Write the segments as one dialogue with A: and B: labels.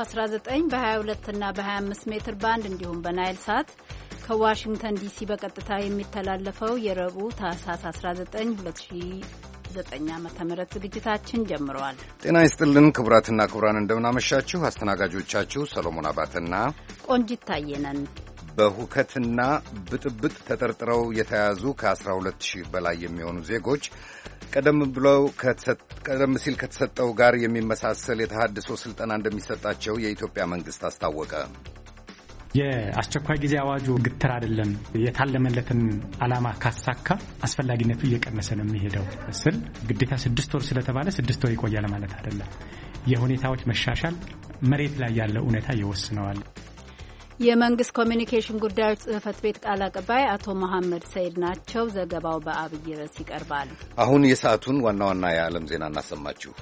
A: በ19 በ22 እና በ25 ሜትር ባንድ እንዲሁም በናይል ሳት ከዋሽንግተን ዲሲ በቀጥታ የሚተላለፈው የረቡዕ ታህሳስ 19 ዘጠኝ ዓመተ ምህረት ዝግጅታችን ጀምረዋል።
B: ጤና ይስጥልን ክቡራትና ክቡራን እንደምናመሻችሁ። አስተናጋጆቻችሁ ሰሎሞን አባተና
A: ቆንጂት ታየነን
B: በሁከትና ብጥብጥ ተጠርጥረው የተያዙ ከ12 ሺህ በላይ የሚሆኑ ዜጎች ቀደም ብለው ቀደም ሲል ከተሰጠው ጋር የሚመሳሰል የተሃድሶ ስልጠና እንደሚሰጣቸው የኢትዮጵያ መንግሥት አስታወቀ።
C: የአስቸኳይ ጊዜ አዋጁ ግትር አይደለም። የታለመለትን ዓላማ ካሳካ አስፈላጊነቱ እየቀነሰ ነው የሚሄደው ስል ግዴታ ስድስት ወር ስለተባለ ስድስት ወር ይቆያል ማለት አይደለም። የሁኔታዎች መሻሻል መሬት ላይ ያለው እውነታ ይወስነዋል።
A: የመንግስት ኮሚኒኬሽን ጉዳዮች ጽህፈት ቤት ቃል አቀባይ አቶ መሐመድ ሰይድ ናቸው። ዘገባው በአብይ ርዕስ ይቀርባል።
B: አሁን የሰዓቱን ዋና ዋና የዓለም ዜና እናሰማችሁ።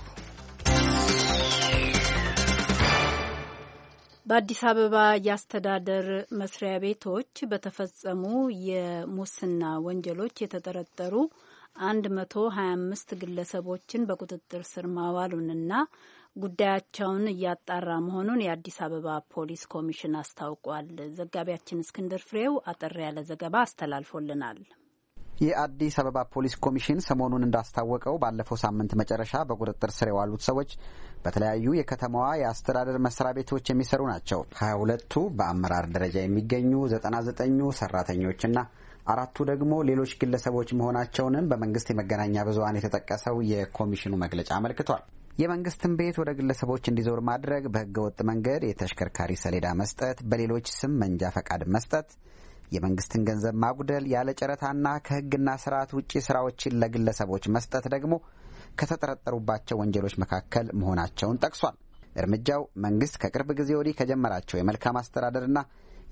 A: በአዲስ አበባ የአስተዳደር መስሪያ ቤቶች በተፈጸሙ የሙስና ወንጀሎች የተጠረጠሩ 125 ግለሰቦችን በቁጥጥር ስር ማዋሉንና ጉዳያቸውን እያጣራ መሆኑን የአዲስ አበባ ፖሊስ ኮሚሽን አስታውቋል። ዘጋቢያችን እስክንድር ፍሬው አጠር ያለ ዘገባ አስተላልፎልናል።
D: የአዲስ አበባ ፖሊስ ኮሚሽን ሰሞኑን እንዳስታወቀው ባለፈው ሳምንት መጨረሻ በቁጥጥር ስር የዋሉት ሰዎች በተለያዩ የከተማዋ የአስተዳደር መስሪያ ቤቶች የሚሰሩ ናቸው። ሀያ ሁለቱ በአመራር ደረጃ የሚገኙ ዘጠና ዘጠኙ ሰራተኞችና አራቱ ደግሞ ሌሎች ግለሰቦች መሆናቸውንም በመንግስት የመገናኛ ብዙኃን የተጠቀሰው የኮሚሽኑ መግለጫ አመልክቷል። የመንግስትን ቤት ወደ ግለሰቦች እንዲዞር ማድረግ፣ በህገወጥ መንገድ የተሽከርካሪ ሰሌዳ መስጠት፣ በሌሎች ስም መንጃ ፈቃድ መስጠት፣ የመንግስትን ገንዘብ ማጉደል፣ ያለ ጨረታና ከህግና ስርዓት ውጪ ስራዎችን ለግለሰቦች መስጠት ደግሞ ከተጠረጠሩባቸው ወንጀሎች መካከል መሆናቸውን ጠቅሷል። እርምጃው መንግስት ከቅርብ ጊዜ ወዲህ ከጀመራቸው የመልካም አስተዳደርና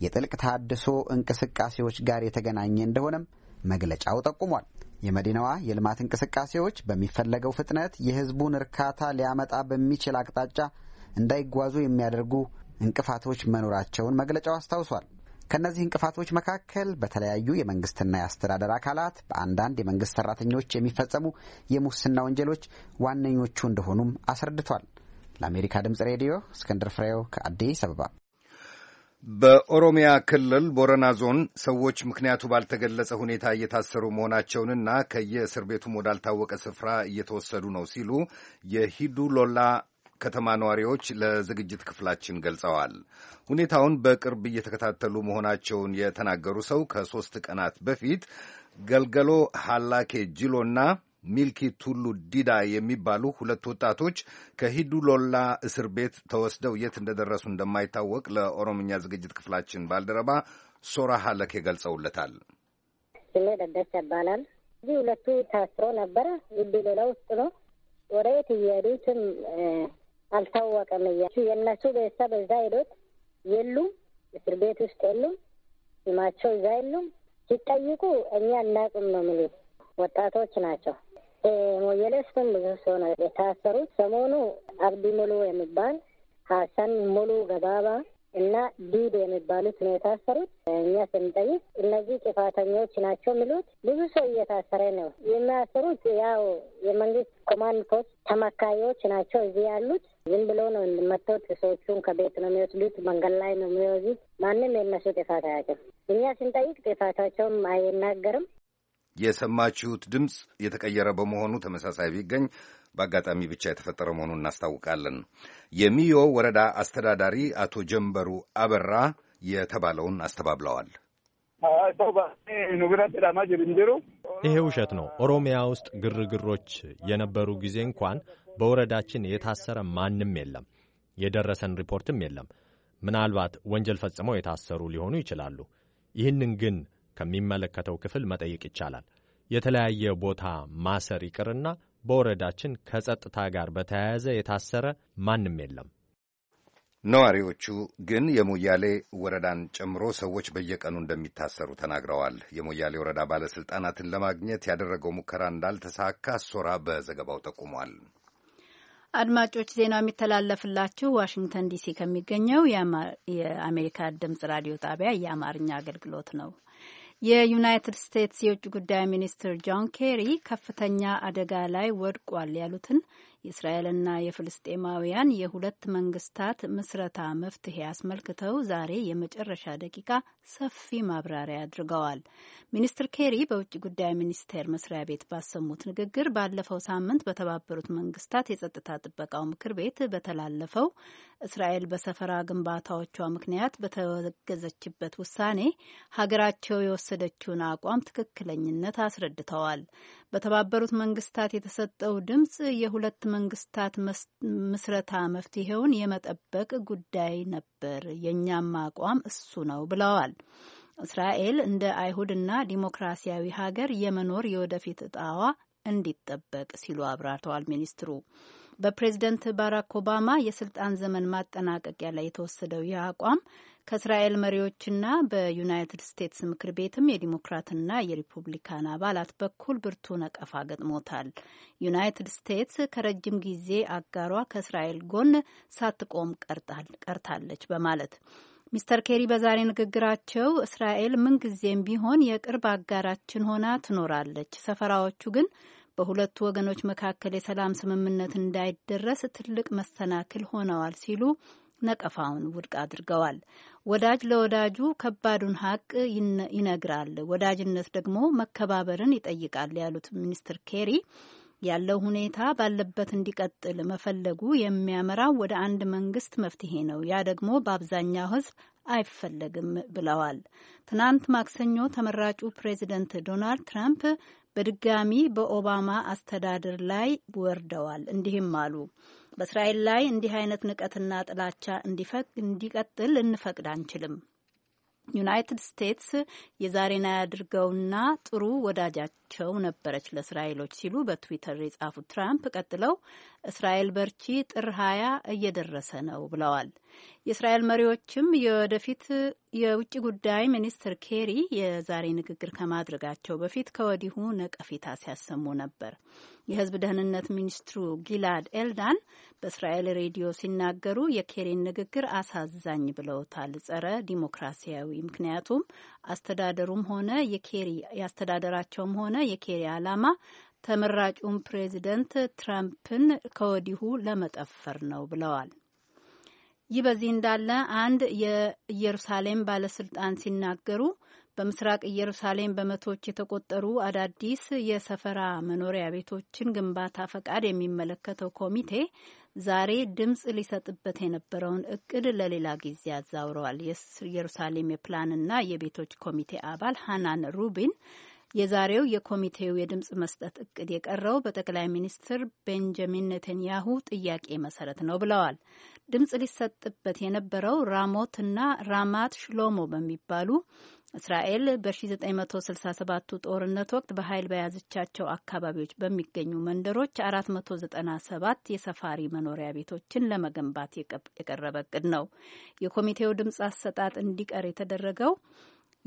D: የጥልቅ ተሃድሶ እንቅስቃሴዎች ጋር የተገናኘ እንደሆነም መግለጫው ጠቁሟል። የመዲናዋ የልማት እንቅስቃሴዎች በሚፈለገው ፍጥነት የህዝቡን እርካታ ሊያመጣ በሚችል አቅጣጫ እንዳይጓዙ የሚያደርጉ እንቅፋቶች መኖራቸውን መግለጫው አስታውሷል። ከእነዚህ እንቅፋቶች መካከል በተለያዩ የመንግስትና የአስተዳደር አካላት በአንዳንድ የመንግስት ሰራተኞች የሚፈጸሙ የሙስና ወንጀሎች ዋነኞቹ እንደሆኑም አስረድቷል። ለአሜሪካ ድምጽ ሬዲዮ እስክንድር ፍሬው ከአዲስ አበባ
B: በኦሮሚያ ክልል ቦረና ዞን ሰዎች ምክንያቱ ባልተገለጸ ሁኔታ እየታሰሩ መሆናቸውንና ከየእስር ቤቱም ወዳልታወቀ ስፍራ እየተወሰዱ ነው ሲሉ የሂዱ ሎላ ከተማ ነዋሪዎች ለዝግጅት ክፍላችን ገልጸዋል። ሁኔታውን በቅርብ እየተከታተሉ መሆናቸውን የተናገሩ ሰው ከሦስት ቀናት በፊት ገልገሎ ሃላኬ ጅሎና ሚልኪ ቱሉ ዲዳ የሚባሉ ሁለት ወጣቶች ከሂዱሎላ እስር ቤት ተወስደው የት እንደደረሱ እንደማይታወቅ ለኦሮምኛ ዝግጅት ክፍላችን ባልደረባ ሶራ ሀለኬ ገልጸውለታል።
E: ስሜ ደደስ ይባላል። እዚህ ሁለቱ ታስሮ ነበረ። ሂዱሎላ ውስጥ ነው። ወደ የት ስም አልታወቀም። እያ የእነሱ ቤተሰብ እዛ ሄዶት የሉም፣ እስር ቤት ውስጥ የሉም፣ ስማቸው እዛ የሉም። ሲጠይቁ እኛ እናቁም ነው የሚሉት ወጣቶች ናቸው። ሞየለስም ብዙ ሰው ነው የታሰሩት። ሰሞኑ አብዲ ሙሉ የሚባል ሀሰን ሙሉ ገባባ እና ዲድ የሚባሉት ነው የታሰሩት። እኛ ስንጠይቅ እነዚህ ጥፋተኞች ናቸው የሚሉት ብዙ ሰው እየታሰረ ነው። የሚያሰሩት ያው የመንግስት ኮማንድ ፖስት ተመካዮች ናቸው እዚህ ያሉት። ዝም ብሎ ነው መጥቶት ሰዎቹን ከቤት ነው የሚወስዱት፣ መንገድ ላይ ነው የሚወዙት። ማንም የነሱ ጥፋት አያውቅም። እኛ ስንጠይቅ ጥፋታቸውም አይናገርም።
B: የሰማችሁት ድምፅ የተቀየረ በመሆኑ ተመሳሳይ ቢገኝ በአጋጣሚ ብቻ የተፈጠረ መሆኑን እናስታውቃለን። የሚዮ ወረዳ አስተዳዳሪ አቶ ጀንበሩ አበራ የተባለውን አስተባብለዋል።
F: ይሄ ውሸት ነው። ኦሮሚያ ውስጥ ግርግሮች የነበሩ ጊዜ እንኳን በወረዳችን የታሰረ ማንም የለም። የደረሰን ሪፖርትም የለም። ምናልባት ወንጀል ፈጽመው የታሰሩ ሊሆኑ ይችላሉ። ይህንን ግን ከሚመለከተው ክፍል መጠየቅ ይቻላል። የተለያየ ቦታ ማሰር ይቅርና በወረዳችን ከጸጥታ ጋር በተያያዘ የታሰረ ማንም የለም።
B: ነዋሪዎቹ ግን የሞያሌ ወረዳን ጨምሮ ሰዎች በየቀኑ እንደሚታሰሩ ተናግረዋል። የሞያሌ ወረዳ ባለሥልጣናትን ለማግኘት ያደረገው ሙከራ እንዳልተሳካ ሶራ በዘገባው ጠቁሟል።
A: አድማጮች ዜናው የሚተላለፍላችሁ ዋሽንግተን ዲሲ ከሚገኘው የአሜሪካ ድምጽ ራዲዮ ጣቢያ የአማርኛ አገልግሎት ነው። የዩናይትድ ስቴትስ የውጭ ጉዳይ ሚኒስትር ጆን ኬሪ ከፍተኛ አደጋ ላይ ወድቋል ያሉትን የእስራኤልና የፍልስጤማውያን የሁለት መንግስታት ምስረታ መፍትሄ አስመልክተው ዛሬ የመጨረሻ ደቂቃ ሰፊ ማብራሪያ አድርገዋል። ሚኒስትር ኬሪ በውጭ ጉዳይ ሚኒስቴር መስሪያ ቤት ባሰሙት ንግግር ባለፈው ሳምንት በተባበሩት መንግስታት የጸጥታ ጥበቃው ምክር ቤት በተላለፈው እስራኤል በሰፈራ ግንባታዎቿ ምክንያት በተወገዘችበት ውሳኔ ሀገራቸው የወሰደችውን አቋም ትክክለኝነት አስረድተዋል። በተባበሩት መንግስታት የተሰጠው ድምጽ የሁለት መንግስታት ምስረታ መፍትሄውን የመጠበቅ ጉዳይ ነበር። የእኛም አቋም እሱ ነው ብለዋል። እስራኤል እንደ አይሁድና ዲሞክራሲያዊ ሀገር የመኖር የወደፊት እጣዋ እንዲጠበቅ ሲሉ አብራርተዋል ሚኒስትሩ። በፕሬዝደንት ባራክ ኦባማ የስልጣን ዘመን ማጠናቀቂያ ላይ የተወሰደው ይህ አቋም ከእስራኤል መሪዎችና በዩናይትድ ስቴትስ ምክር ቤትም የዲሞክራትና የሪፑብሊካን አባላት በኩል ብርቱ ነቀፋ ገጥሞታል። ዩናይትድ ስቴትስ ከረጅም ጊዜ አጋሯ ከእስራኤል ጎን ሳትቆም ቀርታለች በማለት ሚስተር ኬሪ በዛሬ ንግግራቸው እስራኤል ምንጊዜም ቢሆን የቅርብ አጋራችን ሆና ትኖራለች፣ ሰፈራዎቹ ግን በሁለቱ ወገኖች መካከል የሰላም ስምምነት እንዳይደረስ ትልቅ መሰናክል ሆነዋል ሲሉ ነቀፋውን ውድቅ አድርገዋል። ወዳጅ ለወዳጁ ከባዱን ሀቅ ይነግራል፣ ወዳጅነት ደግሞ መከባበርን ይጠይቃል ያሉት ሚኒስትር ኬሪ ያለው ሁኔታ ባለበት እንዲቀጥል መፈለጉ የሚያመራው ወደ አንድ መንግስት መፍትሄ ነው። ያ ደግሞ በአብዛኛው ሕዝብ አይፈለግም ብለዋል። ትናንት ማክሰኞ ተመራጩ ፕሬዚደንት ዶናልድ ትራምፕ በድጋሚ በኦባማ አስተዳደር ላይ ወርደዋል። እንዲህም አሉ። በእስራኤል ላይ እንዲህ አይነት ንቀትና ጥላቻ እንዲቀጥል እንፈቅድ አንችልም። ዩናይትድ ስቴትስ የዛሬና ያድርገውና ጥሩ ወዳጃቸው ነበረች ለእስራኤሎች ሲሉ በትዊተር የጻፉት ትራምፕ ቀጥለው እስራኤል በርቺ፣ ጥር ሀያ እየደረሰ ነው ብለዋል። የእስራኤል መሪዎችም የወደፊት የውጭ ጉዳይ ሚኒስትር ኬሪ የዛሬ ንግግር ከማድረጋቸው በፊት ከወዲሁ ነቀፌታ ሲያሰሙ ነበር። የህዝብ ደህንነት ሚኒስትሩ ጊላድ ኤልዳን በእስራኤል ሬዲዮ ሲናገሩ የኬሪን ንግግር አሳዛኝ ብለውታል፣ ጸረ ዲሞክራሲያዊ። ምክንያቱም አስተዳደሩም ሆነ የኬሪ ያስተዳደራቸውም ሆነ የኬሪ ዓላማ ተመራጩን ፕሬዚደንት ትራምፕን ከወዲሁ ለመጠፈር ነው ብለዋል። ይህ በዚህ እንዳለ አንድ የኢየሩሳሌም ባለስልጣን ሲናገሩ በምስራቅ ኢየሩሳሌም በመቶዎች የተቆጠሩ አዳዲስ የሰፈራ መኖሪያ ቤቶችን ግንባታ ፈቃድ የሚመለከተው ኮሚቴ ዛሬ ድምፅ ሊሰጥበት የነበረውን እቅድ ለሌላ ጊዜ አዛውረዋል። የኢየሩሳሌም የፕላንና የቤቶች ኮሚቴ አባል ሃናን ሩቢን የዛሬው የኮሚቴው የድምፅ መስጠት እቅድ የቀረው በጠቅላይ ሚኒስትር ቤንጃሚን ኔተንያሁ ጥያቄ መሰረት ነው ብለዋል። ድምፅ ሊሰጥበት የነበረው ራሞት እና ራማት ሽሎሞ በሚባሉ እስራኤል በ 1967 ጦርነት ወቅት በኃይል በያዘቻቸው አካባቢዎች በሚገኙ መንደሮች 497 የሰፋሪ መኖሪያ ቤቶችን ለመገንባት የቀረበ እቅድ ነው። የኮሚቴው ድምፅ አሰጣጥ እንዲቀር የተደረገው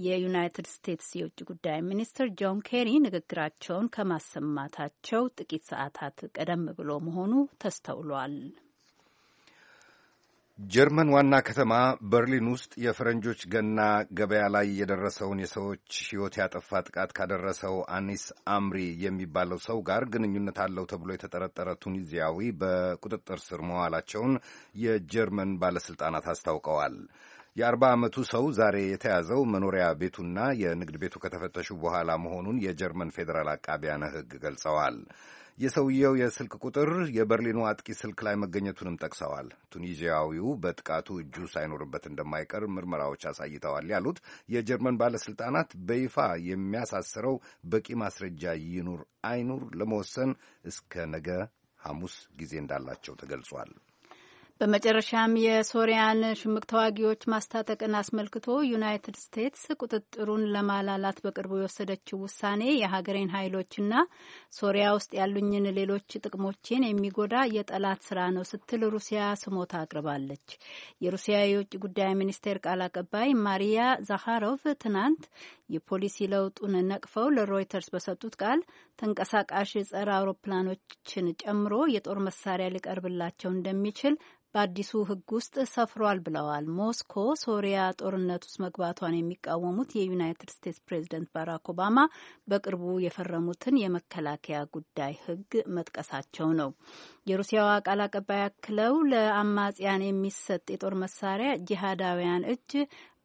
A: የዩናይትድ ስቴትስ የውጭ ጉዳይ ሚኒስትር ጆን ኬሪ ንግግራቸውን ከማሰማታቸው ጥቂት ሰዓታት ቀደም ብሎ መሆኑ
G: ተስተውሏል።
B: ጀርመን ዋና ከተማ በርሊን ውስጥ የፈረንጆች ገና ገበያ ላይ የደረሰውን የሰዎች ሕይወት ያጠፋ ጥቃት ካደረሰው አኒስ አምሪ የሚባለው ሰው ጋር ግንኙነት አለው ተብሎ የተጠረጠረ ቱኒዚያዊ በቁጥጥር ስር መዋላቸውን የጀርመን ባለሥልጣናት አስታውቀዋል። የአርባ ዓመቱ ሰው ዛሬ የተያዘው መኖሪያ ቤቱና የንግድ ቤቱ ከተፈተሹ በኋላ መሆኑን የጀርመን ፌዴራል አቃቢያነ ሕግ ገልጸዋል። የሰውየው የስልክ ቁጥር የበርሊኑ አጥቂ ስልክ ላይ መገኘቱንም ጠቅሰዋል። ቱኒዚያዊው በጥቃቱ እጁ ሳይኖርበት እንደማይቀር ምርመራዎች አሳይተዋል ያሉት የጀርመን ባለሥልጣናት በይፋ የሚያሳስረው በቂ ማስረጃ ይኑር አይኑር ለመወሰን እስከ ነገ ሐሙስ ጊዜ እንዳላቸው ተገልጿል።
A: በመጨረሻም የሶሪያን ሽምቅ ተዋጊዎች ማስታጠቅን አስመልክቶ ዩናይትድ ስቴትስ ቁጥጥሩን ለማላላት በቅርቡ የወሰደችው ውሳኔ የሀገሬን ኃይሎችና ሶሪያ ውስጥ ያሉኝን ሌሎች ጥቅሞችን የሚጎዳ የጠላት ስራ ነው ስትል ሩሲያ ስሞታ አቅርባለች። የሩሲያ የውጭ ጉዳይ ሚኒስቴር ቃል አቀባይ ማሪያ ዛሃሮቭ ትናንት የፖሊሲ ለውጡን ነቅፈው ለሮይተርስ በሰጡት ቃል ተንቀሳቃሽ የጸረ አውሮፕላኖችን ጨምሮ የጦር መሳሪያ ሊቀርብላቸው እንደሚችል በአዲሱ ሕግ ውስጥ ሰፍሯል ብለዋል። ሞስኮ ሶሪያ ጦርነት ውስጥ መግባቷን የሚቃወሙት የዩናይትድ ስቴትስ ፕሬዝደንት ባራክ ኦባማ በቅርቡ የፈረሙትን የመከላከያ ጉዳይ ሕግ መጥቀሳቸው ነው። የሩሲያዋ ቃል አቀባይ አክለው ለአማጽያን የሚሰጥ የጦር መሳሪያ ጂሃዳውያን እጅ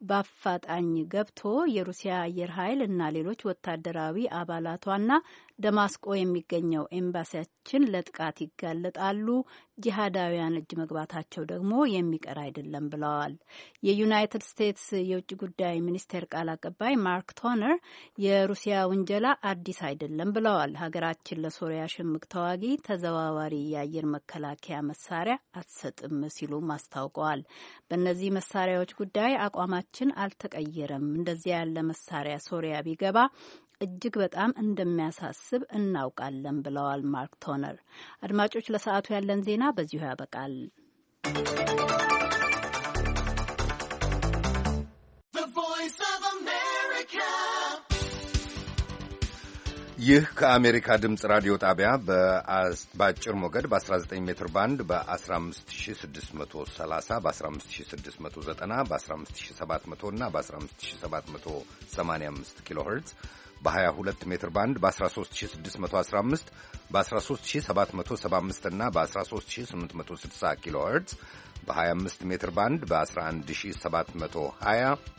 A: በአፋጣኝ ገብቶ የሩሲያ አየር ኃይል እና ሌሎች ወታደራዊ አባላቷና ደማስቆ የሚገኘው ኤምባሲያችን ለጥቃት ይጋለጣሉ፣ ጂሃዳውያን እጅ መግባታቸው ደግሞ የሚቀር አይደለም ብለዋል። የዩናይትድ ስቴትስ የውጭ ጉዳይ ሚኒስቴር ቃል አቀባይ ማርክ ቶነር የሩሲያ ውንጀላ አዲስ አይደለም ብለዋል። ሀገራችን ለሶሪያ ሽምቅ ተዋጊ ተዘዋዋሪ የአየር መከላከያ መሳሪያ አትሰጥም ሲሉም አስታውቀዋል። በእነዚህ መሳሪያዎች ጉዳይ አቋማችን አልተቀየረም። እንደዚያ ያለ መሳሪያ ሶሪያ ቢገባ እጅግ በጣም እንደሚያሳስብ እናውቃለን ብለዋል ማርክ ቶነር። አድማጮች፣ ለሰዓቱ ያለን ዜና በዚሁ ያበቃል።
B: ይህ ከአሜሪካ ድምፅ ራዲዮ ጣቢያ በአጭር ሞገድ በ19 ሜትር ባንድ በ15630 በ15690 በ15700 እና በ15785 ኪሎ ሄርትዝ በ22 ሜትር ባንድ በ13615 በ13775 እና በ13860 ኪሎ ሄርትዝ በ25 ሜትር ባንድ በ11720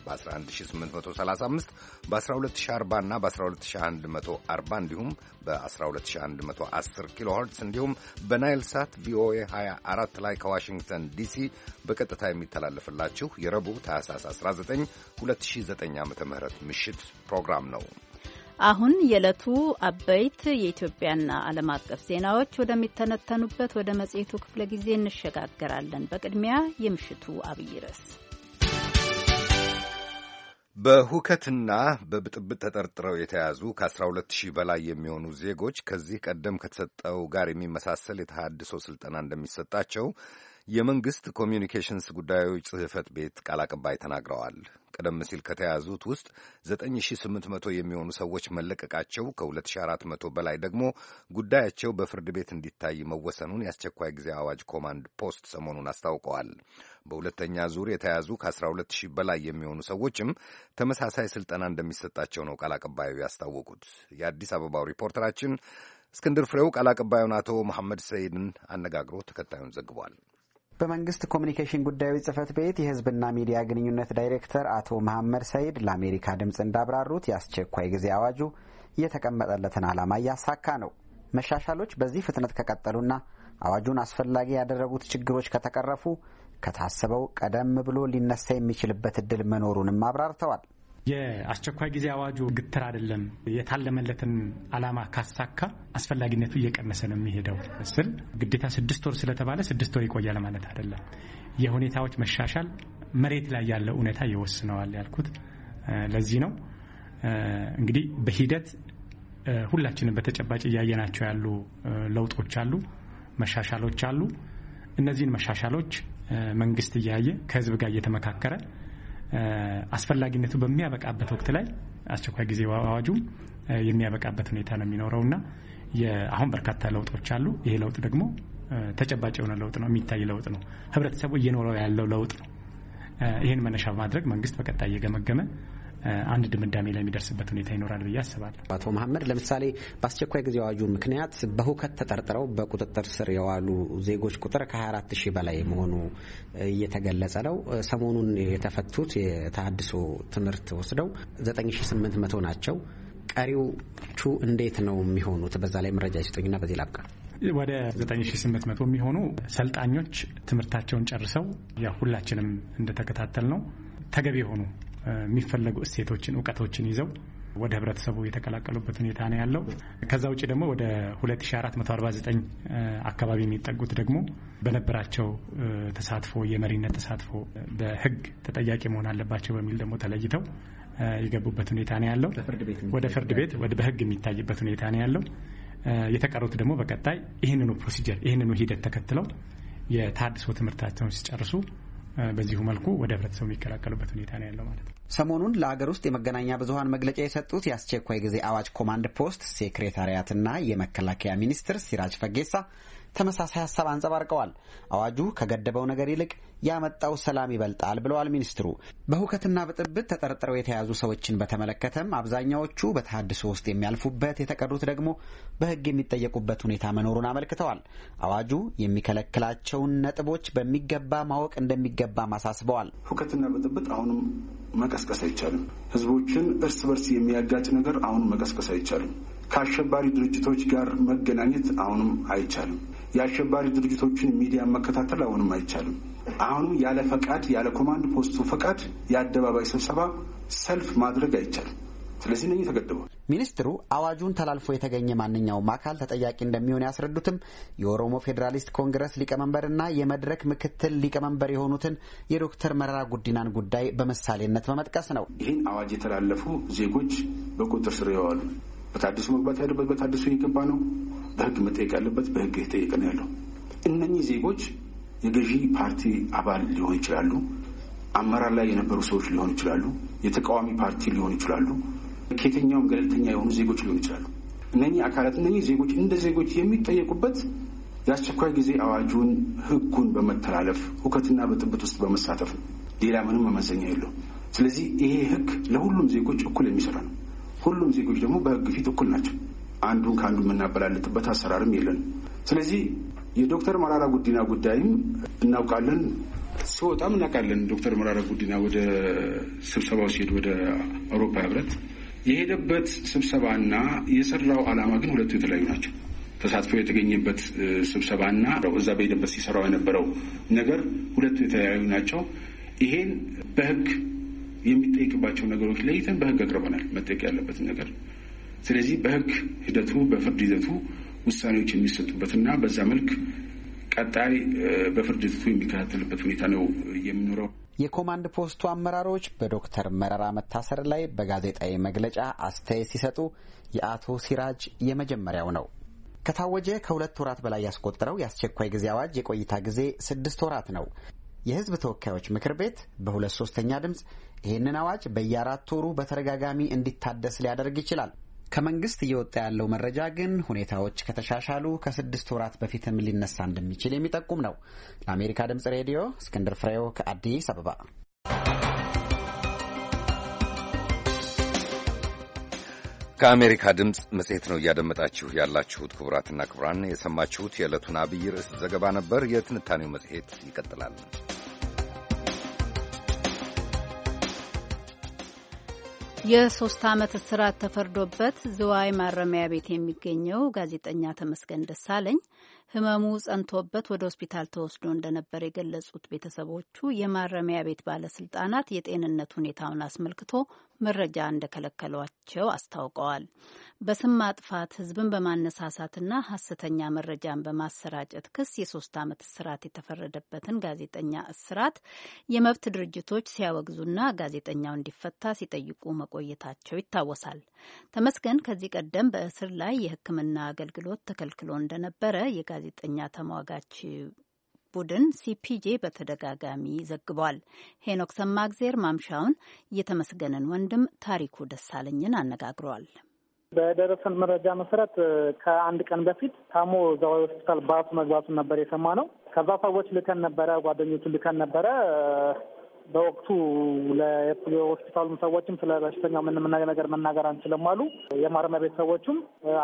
B: በ11835 በ12040 እና በ12140 እንዲሁም በ12110 ኪሎ እንዲሁም በናይል ሳት ቪኦኤ 24 ላይ ከዋሽንግተን ዲሲ በቀጥታ የሚተላለፍላችሁ የረቡዕ ታህሳስ 19 2009 ዓ ም ምሽት ፕሮግራም ነው።
A: አሁን የዕለቱ አበይት የኢትዮጵያና ዓለም አቀፍ ዜናዎች ወደሚተነተኑበት ወደ መጽሔቱ ክፍለ ጊዜ እንሸጋገራለን። በቅድሚያ የምሽቱ አብይ ርዕስ
B: በሁከትና በብጥብጥ ተጠርጥረው የተያዙ ከ12 ሺህ በላይ የሚሆኑ ዜጎች ከዚህ ቀደም ከተሰጠው ጋር የሚመሳሰል የተሃድሶ ስልጠና እንደሚሰጣቸው የመንግሥት ኮሚዩኒኬሽንስ ጉዳዮች ጽሕፈት ቤት ቃል አቀባይ ተናግረዋል። ቀደም ሲል ከተያዙት ውስጥ 9800 የሚሆኑ ሰዎች መለቀቃቸው ከ2400 በላይ ደግሞ ጉዳያቸው በፍርድ ቤት እንዲታይ መወሰኑን የአስቸኳይ ጊዜ አዋጅ ኮማንድ ፖስት ሰሞኑን አስታውቀዋል። በሁለተኛ ዙር የተያዙ ከ12000 በላይ የሚሆኑ ሰዎችም ተመሳሳይ ስልጠና እንደሚሰጣቸው ነው ቃል አቀባዩ ያስታወቁት። የአዲስ አበባው ሪፖርተራችን እስክንድር ፍሬው ቃል አቀባዩን አቶ መሐመድ ሰይድን አነጋግሮ ተከታዩን ዘግቧል።
D: በመንግስት ኮሚኒኬሽን ጉዳዮች ጽህፈት ቤት የህዝብና ሚዲያ ግንኙነት ዳይሬክተር አቶ መሐመድ ሰይድ ለአሜሪካ ድምፅ እንዳብራሩት የአስቸኳይ ጊዜ አዋጁ የተቀመጠለትን ዓላማ እያሳካ ነው። መሻሻሎች በዚህ ፍጥነት ከቀጠሉና አዋጁን አስፈላጊ ያደረጉት ችግሮች ከተቀረፉ ከታሰበው ቀደም ብሎ ሊነሳ የሚችልበት እድል መኖሩንም አብራርተዋል።
C: የአስቸኳይ ጊዜ አዋጁ ግትር አይደለም። የታለመለትን አላማ ካሳካ አስፈላጊነቱ እየቀነሰ ነው የሚሄደው ስል ግዴታ ስድስት ወር ስለተባለ ስድስት ወር ይቆያል ማለት አይደለም። የሁኔታዎች መሻሻል መሬት ላይ ያለው እውነታ ይወስነዋል ያልኩት ለዚህ ነው። እንግዲህ በሂደት ሁላችንም በተጨባጭ እያየናቸው ያሉ ለውጦች አሉ፣ መሻሻሎች አሉ። እነዚህን መሻሻሎች መንግስት እያየ ከህዝብ ጋር እየተመካከረ አስፈላጊነቱ በሚያበቃበት ወቅት ላይ አስቸኳይ ጊዜ አዋጁ የሚያበቃበት ሁኔታ ነው የሚኖረው ና አሁን በርካታ ለውጦች አሉ። ይሄ ለውጥ ደግሞ ተጨባጭ የሆነ ለውጥ ነው፣ የሚታይ ለውጥ ነው፣ ህብረተሰቡ እየኖረው ያለው ለውጥ ነው። ይህን መነሻ በማድረግ መንግስት በቀጣይ እየገመገመ አንድ ድምዳሜ ላይ የሚደርስበት ሁኔታ ይኖራል ብዬ አስባለሁ። አቶ መሀመድ
D: ለምሳሌ በአስቸኳይ ጊዜ አዋጁ ምክንያት በሁከት ተጠርጥረው በቁጥጥር ስር የዋሉ ዜጎች ቁጥር ከ24 ሺህ በላይ መሆኑ እየተገለጸ ነው። ሰሞኑን የተፈቱት የተሃድሶ ትምህርት ወስደው 9800 ናቸው። ቀሪዎቹ እንዴት ነው የሚሆኑት? በዛ ላይ መረጃ ይስጡኝና በዚህ ላብቃ።
C: ወደ 9800 የሚሆኑ ሰልጣኞች ትምህርታቸውን ጨርሰው ያው ሁላችንም እንደተከታተል ነው ተገቢ የሆኑ የሚፈለጉ እሴቶችን፣ እውቀቶችን ይዘው ወደ ህብረተሰቡ የተቀላቀሉበት ሁኔታ ነው ያለው። ከዛ ውጭ ደግሞ ወደ 2449 አካባቢ የሚጠጉት ደግሞ በነበራቸው ተሳትፎ የመሪነት ተሳትፎ በህግ ተጠያቂ መሆን አለባቸው በሚል ደግሞ ተለይተው የገቡበት ሁኔታ ነው ያለው። ወደ ፍርድ ቤት በህግ የሚታይበት ሁኔታ ነው ያለው። የተቀሩት ደግሞ በቀጣይ ይህንኑ ፕሮሲጀር ይህንኑ ሂደት ተከትለው የታድሶ ትምህርታቸውን ሲጨርሱ በዚሁ መልኩ ወደ ህብረተሰቡ የሚቀላቀሉበት ሁኔታ ነው ያለው ማለት ነው።
D: ሰሞኑን ለሀገር ውስጥ የመገናኛ ብዙኃን መግለጫ የሰጡት የአስቸኳይ ጊዜ አዋጅ ኮማንድ ፖስት ሴክሬታሪያትና የመከላከያ ሚኒስትር ሲራጅ ፈጌሳ ተመሳሳይ ሀሳብ አንጸባርቀዋል። አዋጁ ከገደበው ነገር ይልቅ ያመጣው ሰላም ይበልጣል ብለዋል ሚኒስትሩ። በሁከትና ብጥብጥ ተጠርጥረው የተያዙ ሰዎችን በተመለከተም አብዛኛዎቹ በተሃድሶ ውስጥ የሚያልፉበት፣ የተቀሩት ደግሞ በሕግ የሚጠየቁበት ሁኔታ መኖሩን አመልክተዋል። አዋጁ የሚከለክላቸውን ነጥቦች በሚገባ ማወቅ እንደሚገባ አሳስበዋል።
H: ሁከትና ብጥብጥ አሁንም መቀስቀስ አይቻልም። ህዝቦችን እርስ በርስ የሚያጋጭ ነገር አሁንም መቀስቀስ አይቻልም። ከአሸባሪ ድርጅቶች ጋር መገናኘት አሁንም አይቻልም። የአሸባሪ ድርጅቶችን ሚዲያ መከታተል አሁንም አይቻልም። አሁንም ያለ ፈቃድ ያለ ኮማንድ ፖስቱ ፈቃድ የአደባባይ ስብሰባ፣ ሰልፍ ማድረግ አይቻልም። ስለዚህ ነኝ ተገድበዋል።
D: ሚኒስትሩ አዋጁን ተላልፎ የተገኘ ማንኛውም አካል ተጠያቂ እንደሚሆን ያስረዱትም የኦሮሞ ፌዴራሊስት ኮንግረስ ሊቀመንበርና የመድረክ ምክትል ሊቀመንበር የሆኑትን የዶክተር መረራ ጉዲናን ጉዳይ በምሳሌነት
H: በመጥቀስ ነው። ይህን አዋጅ የተላለፉ ዜጎች በቁጥር ስር የዋሉ በታድሱ መግባት ያለበት በታድሱ እየገባ ነው። በህግ መጠየቅ ያለበት በህግ የተጠየቀ ነው ያለው። እነኚህ ዜጎች የገዢ ፓርቲ አባል ሊሆን ይችላሉ፣ አመራር ላይ የነበሩ ሰዎች ሊሆን ይችላሉ፣ የተቃዋሚ ፓርቲ ሊሆን ይችላሉ፣ ከየትኛውም ገለልተኛ የሆኑ ዜጎች ሊሆን ይችላሉ። እነኚህ አካላት እነኚህ ዜጎች እንደ ዜጎች የሚጠየቁበት የአስቸኳይ ጊዜ አዋጁን ህጉን በመተላለፍ ሁከትና በጥብት ውስጥ በመሳተፍ ሌላ ምንም መመዘኛ የለው። ስለዚህ ይሄ ህግ ለሁሉም ዜጎች እኩል የሚሰራ ነው። ሁሉም ዜጎች ደግሞ በህግ ፊት እኩል ናቸው። አንዱን ከአንዱ የምናበላልጥበት አሰራርም የለንም። ስለዚህ የዶክተር መራራ ጉዲና ጉዳይም እናውቃለን። ሲወጣም እናውቃለን። ዶክተር መራራ ጉዲና ወደ ስብሰባው ሲሄድ ወደ አውሮፓ ህብረት የሄደበት ስብሰባና የሰራው አላማ ግን ሁለቱ የተለያዩ ናቸው። ተሳትፎ የተገኘበት ስብሰባና እዛ በሄደበት ሲሰራው የነበረው ነገር ሁለቱ የተለያዩ ናቸው። ይሄን በህግ የሚጠይቅባቸው ነገሮች ለይተን በህግ አቅርበናል፣ መጠየቅ ያለበትን ነገር። ስለዚህ በህግ ሂደቱ በፍርድ ሂደቱ ውሳኔዎች የሚሰጡበትና በዛ መልክ ቀጣይ በፍርድ ሂደቱ የሚከታተልበት ሁኔታ ነው የሚኖረው። የኮማንድ ፖስቱ አመራሮች
D: በዶክተር መረራ መታሰር ላይ በጋዜጣዊ መግለጫ አስተያየት ሲሰጡ የአቶ ሲራጅ የመጀመሪያው ነው። ከታወጀ ከሁለት ወራት በላይ ያስቆጠረው የአስቸኳይ ጊዜ አዋጅ የቆይታ ጊዜ ስድስት ወራት ነው። የህዝብ ተወካዮች ምክር ቤት በሁለት ሶስተኛ ድምፅ ይህንን አዋጅ በየአራት ወሩ በተደጋጋሚ እንዲታደስ ሊያደርግ ይችላል። ከመንግስት እየወጣ ያለው መረጃ ግን ሁኔታዎች ከተሻሻሉ ከስድስት ወራት በፊትም ሊነሳ እንደሚችል የሚጠቁም ነው። ለአሜሪካ ድምጽ ሬዲዮ እስክንድር ፍሬው ከአዲስ አበባ።
B: ከአሜሪካ ድምፅ መጽሔት ነው እያደመጣችሁ ያላችሁት። ክቡራትና ክቡራን የሰማችሁት የዕለቱን አብይ ርዕስ ዘገባ ነበር። የትንታኔው መጽሔት ይቀጥላል።
A: የሶስት ዓመት እስራት ተፈርዶበት ዝዋይ ማረሚያ ቤት የሚገኘው ጋዜጠኛ ተመስገን ደሳለኝ ሕመሙ ጸንቶበት ወደ ሆስፒታል ተወስዶ እንደነበር የገለጹት ቤተሰቦቹ የማረሚያ ቤት ባለስልጣናት የጤንነት ሁኔታውን አስመልክቶ መረጃ እንደከለከሏቸው አስታውቀዋል። በስም ማጥፋት ህዝብን በማነሳሳትና ሀሰተኛ መረጃን በማሰራጨት ክስ የሶስት ዓመት እስራት የተፈረደበትን ጋዜጠኛ እስራት የመብት ድርጅቶች ሲያወግዙና ጋዜጠኛው እንዲፈታ ሲጠይቁ መቆየታቸው ይታወሳል። ተመስገን ከዚህ ቀደም በእስር ላይ የሕክምና አገልግሎት ተከልክሎ እንደነበረ የጋዜጠኛ ተሟጋች ቡድን ሲፒጄ በተደጋጋሚ ዘግቧል። ሄኖክ ሰማግዜር ማምሻውን የተመስገንን ወንድም ታሪኩ ደሳለኝን አነጋግሯል።
E: በደረሰን መረጃ መሰረት ከአንድ ቀን በፊት ታሞ ዘዋይ ሆስፒታል ባሱ መግባቱን ነበር የሰማ ነው። ከዛ ሰዎች ልከን ነበረ፣ ጓደኞቹ ልከን ነበረ በወቅቱ የሆስፒታሉም ሰዎችም ስለ በሽተኛው ምንም ነገር መናገር አንችልም አሉ። የማረሚያ ቤት ሰዎችም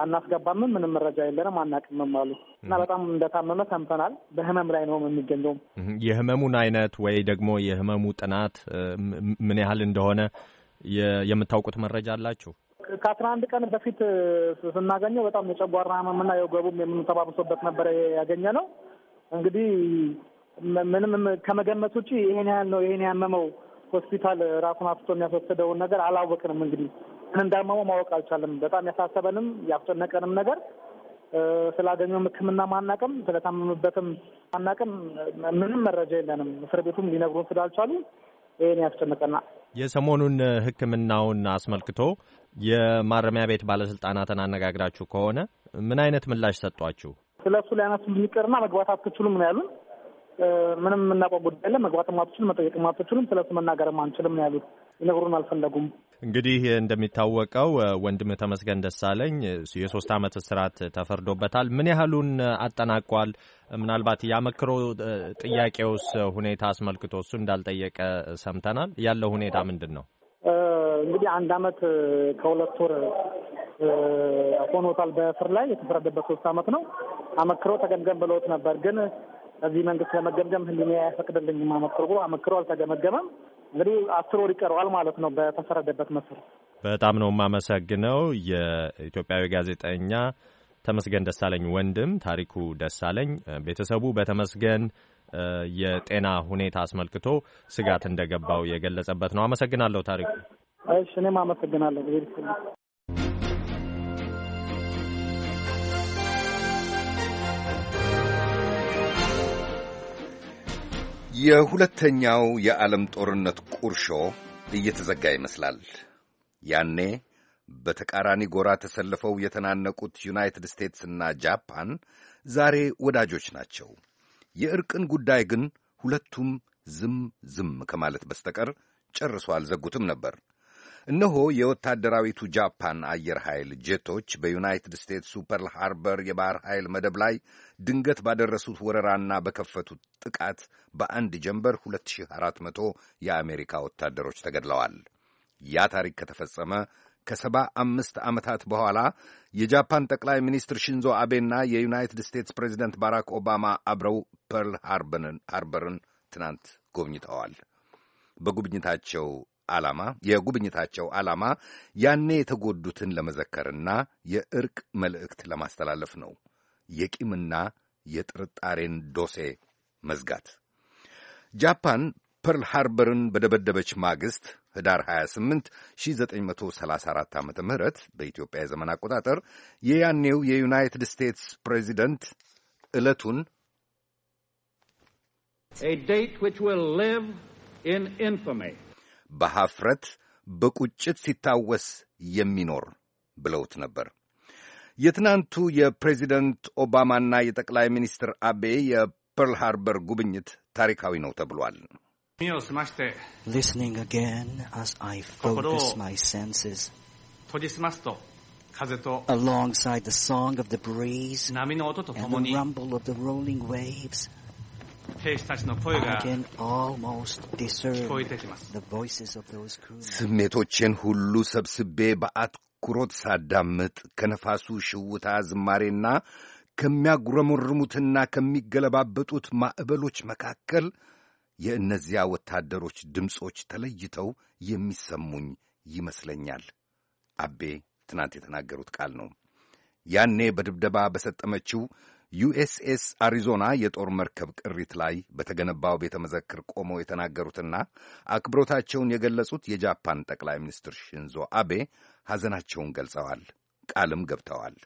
E: አናስገባምም፣ ምንም መረጃ የለንም፣ አናቅምም አሉ እና በጣም እንደታመመ ሰምተናል። በህመም ላይ
F: ነው የሚገኘውም። የህመሙን አይነት ወይ ደግሞ የህመሙ ጥናት ምን ያህል እንደሆነ የምታውቁት መረጃ አላችሁ?
E: ከአስራ አንድ ቀን በፊት ስናገኘው በጣም የጨጓራ ህመምና የወገቡም የምንተባብሶበት ነበረ ያገኘ ነው እንግዲህ ምንም ከመገመት ውጭ ይሄን ያህል ነው ይሄን ያመመው ሆስፒታል ራሱን አፍቶ የሚያስወስደውን ነገር አላወቅንም። እንግዲህ ምን እንዳመመው ማወቅ አልቻለም። በጣም ያሳሰበንም ያስጨነቀንም ነገር ስላገኘውም ሕክምና ማናቅም ስለታመምበትም ማናቅም ምንም መረጃ የለንም። እስር ቤቱም ሊነግሩን ስላልቻሉ ይህን ያስጨነቀና
F: የሰሞኑን ሕክምናውን አስመልክቶ የማረሚያ ቤት ባለስልጣናትን አነጋግራችሁ ከሆነ ምን አይነት ምላሽ ሰጧችሁ?
E: ስለ እሱ ሊያነሱልን ይቅርና መግባት አትችሉም ነው ያሉን። ምንም የምናውቀው ጉዳይ የለም። መግባት ማትችል መጠየቅ ማትችልም፣ ስለሱ መናገርም አንችልም ነው ያሉት። ይነግሩን አልፈለጉም።
F: እንግዲህ እንደሚታወቀው ወንድም ተመስገን ደሳለኝ የሶስት ዓመት እስራት ተፈርዶበታል። ምን ያህሉን አጠናቋል? ምናልባት የአመክሮ ጥያቄውስ ሁኔታ አስመልክቶ እሱ እንዳልጠየቀ ሰምተናል። ያለው ሁኔታ ምንድን ነው?
E: እንግዲህ አንድ አመት ከሁለት ወር ሆኖታል። በእስር ላይ የተፈረደበት ሶስት አመት ነው። አመክሮ ተገምገም ብለውት ነበር ግን እዚህ መንግስት ለመገምገም ህሊና አይፈቅድልኝም አመክሮ ብሎ አመክሮ አልተገመገመም። እንግዲህ አስር ወር ይቀረዋል ማለት ነው በተፈረደበት መሰረት።
F: በጣም ነው የማመሰግነው። የኢትዮጵያዊ ጋዜጠኛ ተመስገን ደሳለኝ ወንድም ታሪኩ ደሳለኝ ቤተሰቡ በተመስገን የጤና ሁኔታ አስመልክቶ ስጋት እንደገባው የገለጸበት ነው። አመሰግናለሁ ታሪኩ።
E: እሺ እኔም አመሰግናለሁ።
B: የሁለተኛው የዓለም ጦርነት ቁርሾ እየተዘጋ ይመስላል። ያኔ በተቃራኒ ጎራ ተሰልፈው የተናነቁት ዩናይትድ ስቴትስ እና ጃፓን ዛሬ ወዳጆች ናቸው። የእርቅን ጉዳይ ግን ሁለቱም ዝም ዝም ከማለት በስተቀር ጨርሶ አልዘጉትም ነበር። እነሆ የወታደራዊቱ ጃፓን አየር ኃይል ጄቶች በዩናይትድ ስቴትሱ ፐርል ሃርበር የባህር ኃይል መደብ ላይ ድንገት ባደረሱት ወረራና በከፈቱት ጥቃት በአንድ ጀንበር 2400 የአሜሪካ ወታደሮች ተገድለዋል። ያ ታሪክ ከተፈጸመ ከሰባ አምስት ዓመታት በኋላ የጃፓን ጠቅላይ ሚኒስትር ሽንዞ አቤና የዩናይትድ ስቴትስ ፕሬዚደንት ባራክ ኦባማ አብረው ፐርል ሃርበርን ትናንት ጎብኝተዋል። በጉብኝታቸው ዓላማ የጉብኝታቸው ዓላማ ያኔ የተጎዱትን ለመዘከርና የእርቅ መልእክት ለማስተላለፍ ነው። የቂምና የጥርጣሬን ዶሴ መዝጋት። ጃፓን ፐርል ሃርበርን በደበደበች ማግስት ህዳር 28 1934 ዓ ም በኢትዮጵያ የዘመን አቆጣጠር የያኔው የዩናይትድ ስቴትስ ፕሬዚደንት ዕለቱን A date which will live in infamy. በሐፍረት በቁጭት ሲታወስ የሚኖር ብለውት ነበር። የትናንቱ የፕሬዚደንት ኦባማና የጠቅላይ ሚኒስትር አቤ የፐርል ሃርበር ጉብኝት ታሪካዊ ነው ተብሏል። Alongside
D: the song of the breeze
I: and the rumble of the rolling waves, 兵士たちの声が聞こえてきます。
B: ስሜቶቼን ሁሉ ሰብስቤ በአትኩሮት ሳዳምጥ ከነፋሱ ሽውታ ዝማሬና ከሚያጉረመርሙትና ከሚገለባበጡት ማዕበሎች መካከል የእነዚያ ወታደሮች ድምፆች ተለይተው የሚሰሙኝ ይመስለኛል። አቤ ትናንት የተናገሩት ቃል ነው። ያኔ በድብደባ በሰጠመችው ዩኤስኤስ አሪዞና የጦር መርከብ ቅሪት ላይ በተገነባው ቤተ መዘክር ቆመው የተናገሩትና አክብሮታቸውን የገለጹት የጃፓን ጠቅላይ ሚኒስትር ሽንዞ አቤ ሐዘናቸውን ገልጸዋል፣ ቃልም ገብተዋል።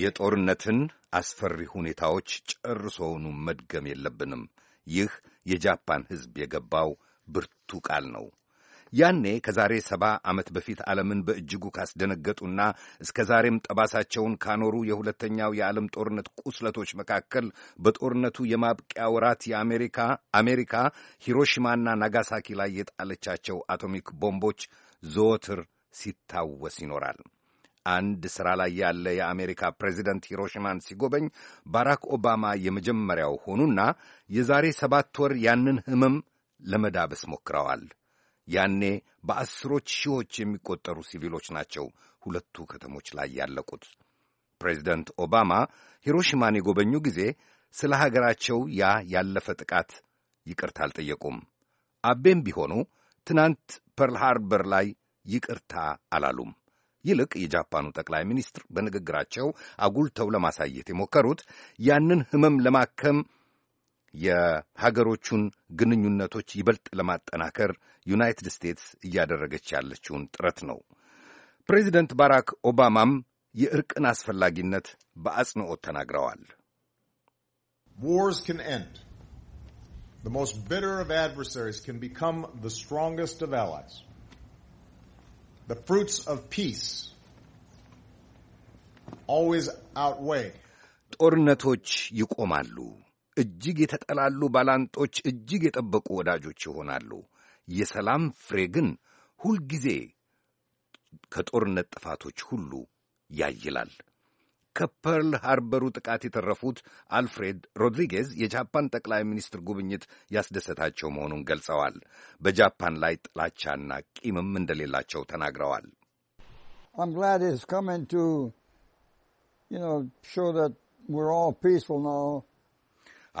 B: የጦርነትን አስፈሪ ሁኔታዎች ጨርሶውኑ መድገም የለብንም። ይህ የጃፓን ሕዝብ የገባው ብርቱ ቃል ነው። ያኔ ከዛሬ ሰባ ዓመት በፊት ዓለምን በእጅጉ ካስደነገጡና እስከ ዛሬም ጠባሳቸውን ካኖሩ የሁለተኛው የዓለም ጦርነት ቁስለቶች መካከል በጦርነቱ የማብቂያ ወራት የአሜሪካ አሜሪካ ሂሮሺማና ናጋሳኪ ላይ የጣለቻቸው አቶሚክ ቦምቦች ዘወትር ሲታወስ ይኖራል። አንድ ሥራ ላይ ያለ የአሜሪካ ፕሬዚደንት ሂሮሽማን ሲጎበኝ ባራክ ኦባማ የመጀመሪያው ሆኑና የዛሬ ሰባት ወር ያንን ህመም ለመዳበስ ሞክረዋል። ያኔ በአስሮች ሺዎች የሚቆጠሩ ሲቪሎች ናቸው ሁለቱ ከተሞች ላይ ያለቁት። ፕሬዚደንት ኦባማ ሂሮሺማን የጎበኙ ጊዜ ስለ ሀገራቸው ያ ያለፈ ጥቃት ይቅርታ አልጠየቁም። አቤም ቢሆኑ ትናንት ፐርል ሃርበር ላይ ይቅርታ አላሉም። ይልቅ የጃፓኑ ጠቅላይ ሚኒስትር በንግግራቸው አጉልተው ለማሳየት የሞከሩት ያንን ሕመም ለማከም የሀገሮቹን ግንኙነቶች ይበልጥ ለማጠናከር ዩናይትድ ስቴትስ እያደረገች ያለችውን ጥረት ነው። ፕሬዚደንት ባራክ ኦባማም የእርቅን አስፈላጊነት በአጽንዖት ተናግረዋል። ጦርነቶች ይቆማሉ። እጅግ የተጠላሉ ባላንጦች፣ እጅግ የጠበቁ ወዳጆች ይሆናሉ። የሰላም ፍሬ ግን ሁልጊዜ ከጦርነት ጥፋቶች ሁሉ ያይላል። ከፐርል ሃርበሩ ጥቃት የተረፉት አልፍሬድ ሮድሪጌዝ የጃፓን ጠቅላይ ሚኒስትር ጉብኝት ያስደሰታቸው መሆኑን ገልጸዋል። በጃፓን ላይ ጥላቻና ቂምም እንደሌላቸው ተናግረዋል።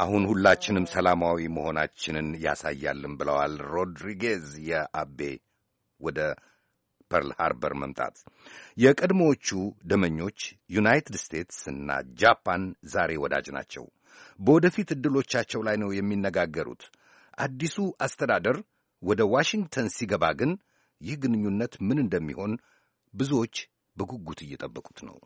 B: አሁን ሁላችንም ሰላማዊ መሆናችንን ያሳያልን ብለዋል ሮድሪጌዝ የአቤ ወደ ፐርል ሃርበር መምጣት። የቀድሞዎቹ ደመኞች ዩናይትድ ስቴትስ እና ጃፓን ዛሬ ወዳጅ ናቸው። በወደፊት ዕድሎቻቸው ላይ ነው የሚነጋገሩት። አዲሱ አስተዳደር ወደ ዋሽንግተን ሲገባ ግን ይህ ግንኙነት ምን እንደሚሆን ብዙዎች በጉጉት እየጠበቁት ነው።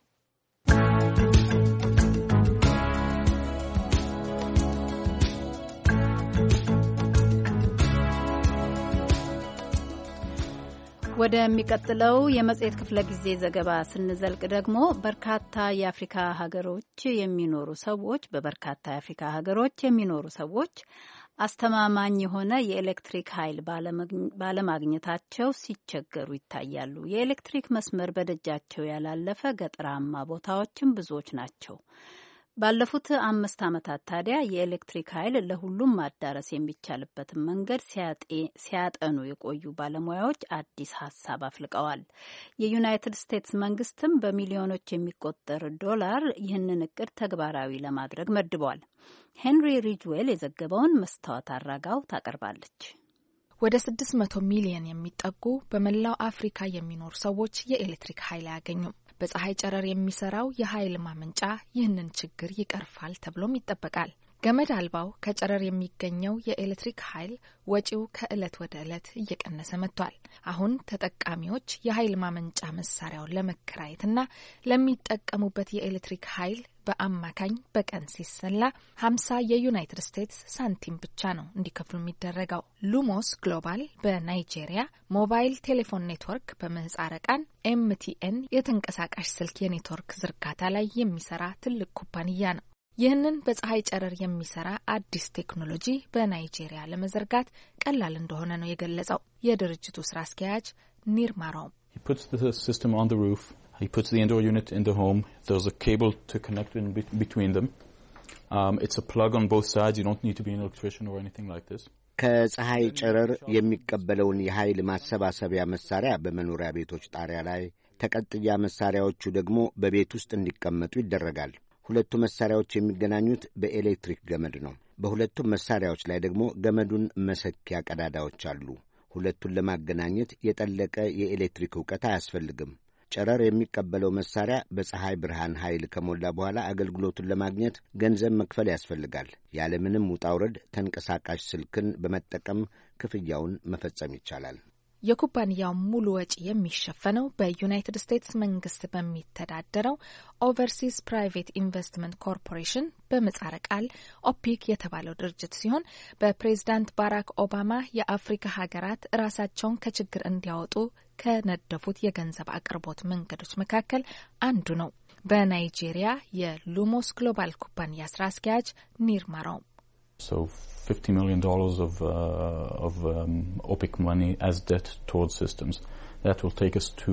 A: ወደሚቀጥለው የመጽሔት ክፍለ ጊዜ ዘገባ ስንዘልቅ ደግሞ በርካታ የአፍሪካ ሀገሮች የሚኖሩ ሰዎች በበርካታ የአፍሪካ ሀገሮች የሚኖሩ ሰዎች አስተማማኝ የሆነ የኤሌክትሪክ ኃይል ባለማግኘታቸው ሲቸገሩ ይታያሉ። የኤሌክትሪክ መስመር በደጃቸው ያላለፈ ገጠራማ ቦታዎችም ብዙዎች ናቸው። ባለፉት አምስት ዓመታት ታዲያ የኤሌክትሪክ ኃይል ለሁሉም ማዳረስ የሚቻልበትን መንገድ ሲያጠኑ የቆዩ ባለሙያዎች አዲስ ሀሳብ አፍልቀዋል። የዩናይትድ ስቴትስ መንግስትም በሚሊዮኖች የሚቆጠር ዶላር ይህንን እቅድ ተግባራዊ ለማድረግ መድቧል። ሄንሪ ሪጅዌል የዘገበውን መስታወት አራጋው ታቀርባለች።
J: ወደ 600 ሚሊየን የሚጠጉ በመላው አፍሪካ የሚኖሩ ሰዎች የኤሌክትሪክ ኃይል አያገኙም። በፀሐይ ጨረር የሚሰራው የኃይል ማመንጫ ይህንን ችግር ይቀርፋል ተብሎም ይጠበቃል። ገመድ አልባው ከጨረር የሚገኘው የኤሌክትሪክ ኃይል ወጪው ከእለት ወደ እለት እየቀነሰ መጥቷል። አሁን ተጠቃሚዎች የኃይል ማመንጫ መሳሪያውን ለመከራየትና ለሚጠቀሙበት የኤሌክትሪክ ኃይል በአማካኝ በቀን ሲሰላ ሀምሳ የዩናይትድ ስቴትስ ሳንቲም ብቻ ነው እንዲከፍሉ የሚደረገው። ሉሞስ ግሎባል በናይጄሪያ ሞባይል ቴሌፎን ኔትወርክ በምህጻረ ኤምቲኤን የተንቀሳቃሽ ስልክ የኔትወርክ ዝርጋታ ላይ የሚሰራ ትልቅ ኩባንያ ነው። ይህንን በፀሐይ ጨረር የሚሰራ አዲስ ቴክኖሎጂ በናይጄሪያ ለመዘርጋት ቀላል እንደሆነ ነው የገለጸው የድርጅቱ ስራ አስኪያጅ ኒርማራውም
C: um,
K: ከፀሐይ ጨረር የሚቀበለውን የኃይል ማሰባሰቢያ መሳሪያ በመኖሪያ ቤቶች ጣሪያ ላይ፣ ተቀጥያ መሳሪያዎቹ ደግሞ በቤት ውስጥ እንዲቀመጡ ይደረጋል። ሁለቱ መሳሪያዎች የሚገናኙት በኤሌክትሪክ ገመድ ነው። በሁለቱም መሳሪያዎች ላይ ደግሞ ገመዱን መሰኪያ ቀዳዳዎች አሉ። ሁለቱን ለማገናኘት የጠለቀ የኤሌክትሪክ እውቀት አያስፈልግም። ጨረር የሚቀበለው መሳሪያ በፀሐይ ብርሃን ኃይል ከሞላ በኋላ አገልግሎቱን ለማግኘት ገንዘብ መክፈል ያስፈልጋል። ያለምንም ውጣውረድ ተንቀሳቃሽ ስልክን በመጠቀም ክፍያውን መፈጸም ይቻላል።
J: የኩባንያው ሙሉ ወጪ የሚሸፈነው በዩናይትድ ስቴትስ መንግስት በሚተዳደረው ኦቨርሲስ ፕራይቬት ኢንቨስትመንት ኮርፖሬሽን በምጻረ ቃል ኦፒክ የተባለው ድርጅት ሲሆን በፕሬዝዳንት ባራክ ኦባማ የአፍሪካ ሀገራት ራሳቸውን ከችግር እንዲያወጡ ከነደፉት የገንዘብ አቅርቦት መንገዶች መካከል አንዱ ነው። በናይጄሪያ የሉሞስ ግሎባል ኩባንያ ስራ አስኪያጅ ኒርማራው
C: so 50 million dollars of uh, of um, OPEC money as debt towards systems. That will take us to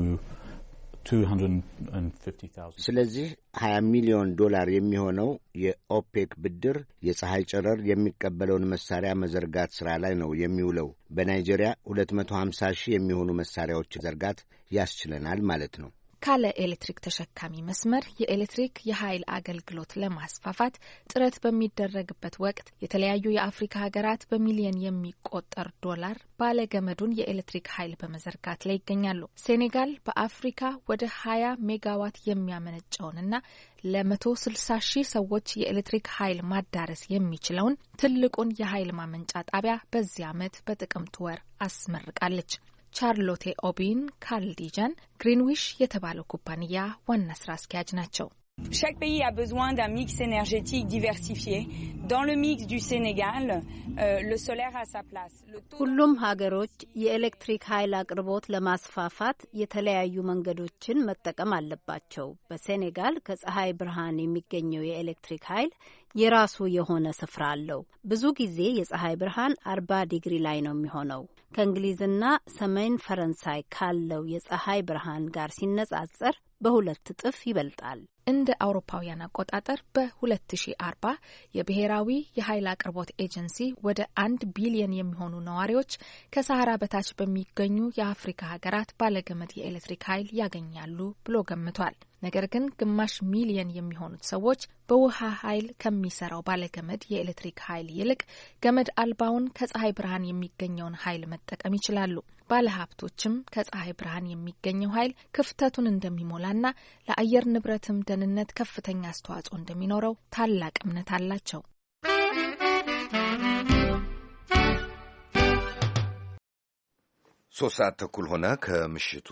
K: ስለዚህ 20 ሚሊዮን ዶላር የሚሆነው የኦፔክ ብድር የፀሐይ ጨረር የሚቀበለውን መሳሪያ መዘርጋት ሥራ ላይ ነው የሚውለው። በናይጄሪያ 250 ሺህ የሚሆኑ መሳሪያዎች ዘርጋት ያስችለናል ማለት ነው።
J: ካለ ኤሌክትሪክ ተሸካሚ መስመር የኤሌክትሪክ የኃይል አገልግሎት ለማስፋፋት ጥረት በሚደረግበት ወቅት የተለያዩ የአፍሪካ ሀገራት በሚሊየን የሚቆጠር ዶላር ባለገመዱን የኤሌክትሪክ ኃይል በመዘርጋት ላይ ይገኛሉ። ሴኔጋል በአፍሪካ ወደ 20 ሜጋዋት የሚያመነጨውንና ለ ስልሳ ሺህ ሰዎች የኤሌክትሪክ ኃይል ማዳረስ የሚችለውን ትልቁን የኃይል ማመንጫ ጣቢያ በዚህ ዓመት በጥቅምት ወር አስመርቃለች። ቻርሎቴ ኦቢን ካርልዲጃን ግሪንዊሽ የተባለው ኩባንያ ዋና ስራ አስኪያጅ ናቸው።
L: Chaque pays a besoin d'un mix énergétique diversifié. Dans le mix du Sénégal, euh, le solaire a sa place.
A: ሁሉም ሀገሮች የኤሌክትሪክ ኃይል አቅርቦት ለማስፋፋት የተለያዩ መንገዶችን መጠቀም አለባቸው። በሴኔጋል ከፀሐይ ብርሃን የሚገኘው የኤሌክትሪክ ኃይል የራሱ የሆነ ስፍራ አለው። ብዙ ጊዜ የፀሐይ ብርሃን አርባ ዲግሪ ላይ ነው የሚሆነው። ከእንግሊዝና ሰሜን ፈረንሳይ ካለው የፀሐይ ብርሃን ጋር ሲነጻጸር በሁለት እጥፍ ይበልጣል።
J: እንደ አውሮፓውያን አቆጣጠር በ2040 የብሔራዊ የኃይል አቅርቦት ኤጀንሲ ወደ አንድ ቢሊየን የሚሆኑ ነዋሪዎች ከሰሃራ በታች በሚገኙ የአፍሪካ ሀገራት ባለገመድ የኤሌክትሪክ ኃይል ያገኛሉ ብሎ ገምቷል። ነገር ግን ግማሽ ሚሊየን የሚሆኑት ሰዎች በውሃ ኃይል ከሚሰራው ባለገመድ የኤሌክትሪክ ኃይል ይልቅ ገመድ አልባውን ከፀሐይ ብርሃን የሚገኘውን ኃይል መጠቀም ይችላሉ። ባለሀብቶችም ከፀሐይ ብርሃን የሚገኘው ኃይል ክፍተቱን እንደሚሞላና ለአየር ንብረትም ደህንነት ከፍተኛ አስተዋጽኦ እንደሚኖረው ታላቅ እምነት አላቸው።
B: ሶስት ሰዓት ተኩል ሆነ ከምሽቱ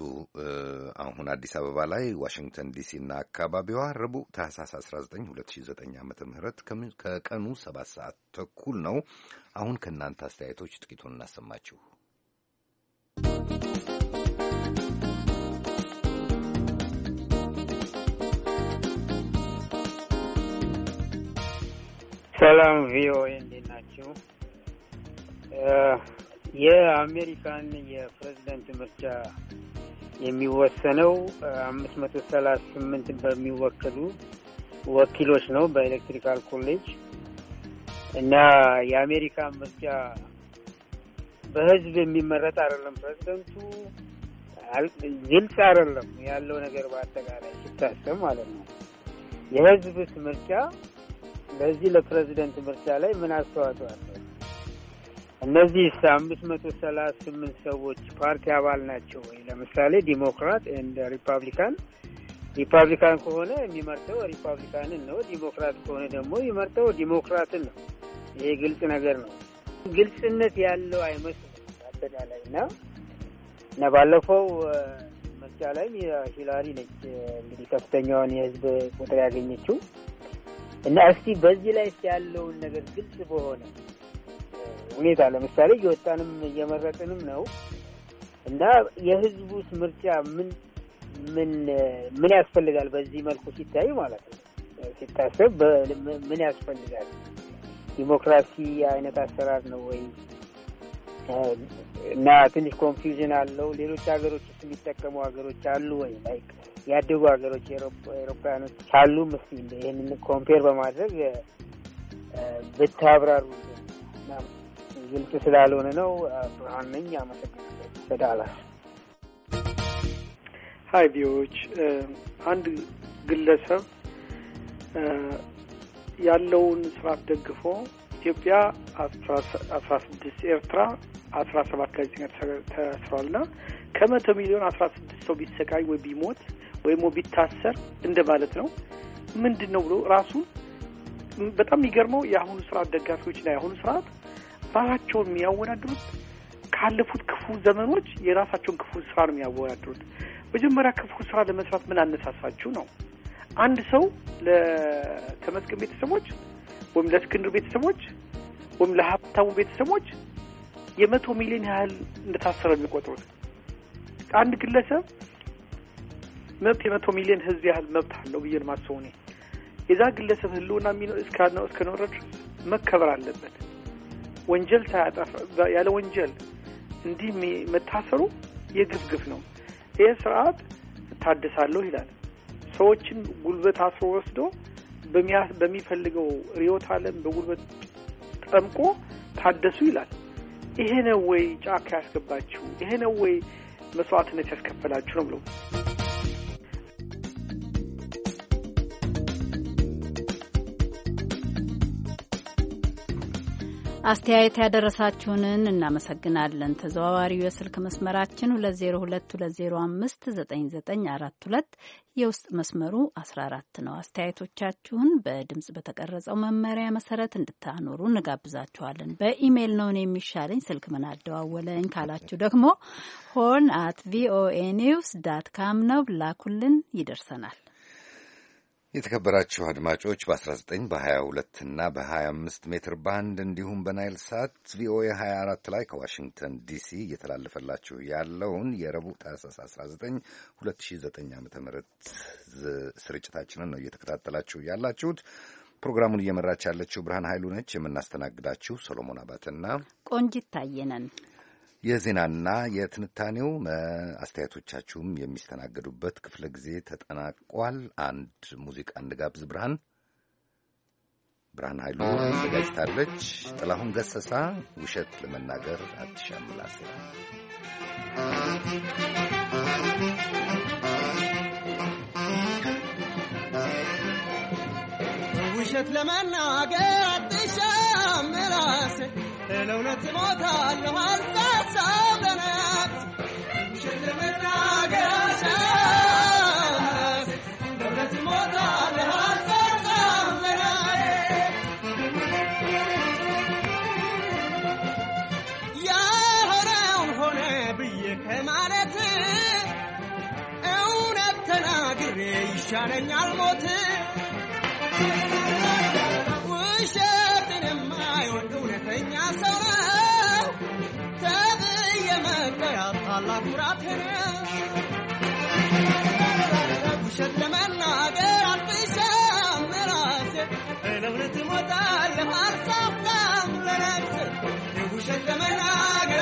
B: አሁን አዲስ አበባ ላይ ዋሽንግተን እና አካባቢዋ ረቡዕ ታህሳስ 19 2009 ዓ ም ከቀኑ ሰባት ሰዓት ተኩል ነው። አሁን ከእናንተ አስተያየቶች ጥቂቱን እናሰማችሁ።
L: ሰላም ቪኦኤ እንዴት ናችሁ? የአሜሪካን የፕሬዝደንት ምርጫ የሚወሰነው አምስት መቶ ሰላሳ ስምንት በሚወከሉ ወኪሎች ነው በኤሌክትሪካል ኮሌጅ እና የአሜሪካን ምርጫ በህዝብ የሚመረጥ አይደለም። ፕሬዝደንቱ ግልጽ አይደለም ያለው ነገር በአጠቃላይ ሲታሰብ ማለት ነው። የህዝብስ ምርጫ ለዚህ ለፕሬዝደንት ምርጫ ላይ ምን አስተዋጽኦ አለ? እነዚህ አምስት መቶ ሰላሳ ስምንት ሰዎች ፓርቲ አባል ናቸው ወይ? ለምሳሌ ዲሞክራት እንደ ሪፐብሊካን ሪፐብሊካን ከሆነ የሚመርጠው ሪፐብሊካንን ነው። ዲሞክራት ከሆነ ደግሞ የሚመርጠው ዲሞክራትን ነው። ይሄ ግልጽ ነገር ነው። ግልጽነት ያለው አይመስልም አጠቃላይ እና እና ባለፈው ምርጫ ላይም ሂላሪ ነች እንግዲህ ከፍተኛውን የህዝብ ቁጥር ያገኘችው እና እስቲ በዚህ ላይ ያለውን ነገር ግልጽ በሆነ ሁኔታ ለምሳሌ እየወጣንም እየመረጥንም ነው እና የህዝቡስ ምርጫ ምን ምን ምን ያስፈልጋል? በዚህ መልኩ ሲታይ ማለት ነው ሲታሰብ ምን ያስፈልጋል? ዲሞክራሲ አይነት አሰራር ነው ወይ እና ትንሽ ኮንፊውዥን አለው። ሌሎች ሀገሮች ውስጥ የሚጠቀሙ ሀገሮች አሉ ወይ ላይክ ያደጉ ሀገሮች ኤሮፓያኖች አሉ ምስ ይህንን ኮምፔር በማድረግ ብታብራሩ
I: ግልጽ ስላልሆነ
L: ነው። ብርሃን ነኝ። አመሰግናለሁ። በዳላስ
I: ሀይ ቪዎች አንድ ግለሰብ ያለውን ስርዓት ደግፎ ኢትዮጵያ አስራ ስድስት ኤርትራ አስራ ሰባት ጋዜጠኛ ና ከመቶ ሚሊዮን አስራ ስድስት ሰው ቢሰቃይ ወይ ቢሞት ወይም ቢታሰር እንደ ማለት ነው። ምንድን ነው ብሎ ራሱን በጣም የሚገርመው የአሁኑ ስርዓት ና የአሁኑ ስርዓት ራሳቸውን የሚያወዳድሩት ካለፉት ክፉ ዘመኖች የራሳቸውን ክፉ ስራ ነው የሚያወዳድሩት። መጀመሪያ ክፉ ስራ ለመስራት ምን አነሳሳችሁ ነው። አንድ ሰው ለተመስገን ቤተሰቦች ወይም ለእስክንድር ቤተሰቦች ወይም ለሀብታሙ ቤተሰቦች የመቶ ሚሊዮን ያህል እንደታሰረ የሚቆጥሩት አንድ ግለሰብ መብት የመቶ ሚሊዮን ህዝብ ያህል መብት አለው ብዬን ማስበው እኔ የዛ ግለሰብ ህልውና እስከኖረ መከበር አለበት። ወንጀል ሳያጠፋ ያለ ወንጀል እንዲህ መታሰሩ የግፍግፍ ነው። ይህ ስርዓት እታደሳለሁ ይላል። ሰዎችን ጉልበት አስሮ ወስዶ በሚፈልገው ርዕዮተ ዓለም በጉልበት ጠምቆ ታደሱ ይላል። ይሄ ነው ወይ ጫካ ያስገባችሁ? ይሄ ነው ወይ መስዋዕትነት ያስከፈላችሁ ነው ብለው
A: አስተያየት ያደረሳችሁንን እናመሰግናለን። ተዘዋዋሪው የስልክ መስመራችን 2022059942 የውስጥ መስመሩ 14 ነው። አስተያየቶቻችሁን በድምፅ በተቀረጸው መመሪያ መሰረት እንድታኖሩ እንጋብዛችኋለን። በኢሜይል ነውን የሚሻለኝ ስልክ ምን አደዋወለኝ ካላችሁ ደግሞ ሆን አት ቪኦኤ ኒውስ ዳት ካም ነው፣ ላኩልን፣ ይደርሰናል።
B: የተከበራችሁ አድማጮች በ19 በ22 እና በ25 ሜትር ባንድ እንዲሁም በናይል ሳት ቪኦኤ 24 ላይ ከዋሽንግተን ዲሲ እየተላለፈላችሁ ያለውን የረቡዕ ታህሳስ 19 2009 ዓ ም ስርጭታችንን ነው እየተከታተላችሁ ያላችሁት። ፕሮግራሙን እየመራች ያለችው ብርሃን ኃይሉ ነች። የምናስተናግዳችሁ ሰሎሞን አባትና
A: ቆንጂት ታየነን።
B: የዜናና የትንታኔው አስተያየቶቻችሁም የሚስተናገዱበት ክፍለ ጊዜ ተጠናቋል። አንድ ሙዚቃ እንጋብዝ። ብርሃን ብርሃን ኃይሉ አዘጋጅታለች። ጥላሁን ገሰሳ ውሸት ለመናገር አትሻም
M: ውሸት ለመናገር አትሻም ላሴ ለእውነት ይሻለኛል ሞት ውሸትን የማይወድ እውነተኛ ሰው ተብዬ ኩራት ውሸት ለመናገር አልፍሻም ለእውነት ሞታለሁ ለነፍሴ ውሸት ለመናገር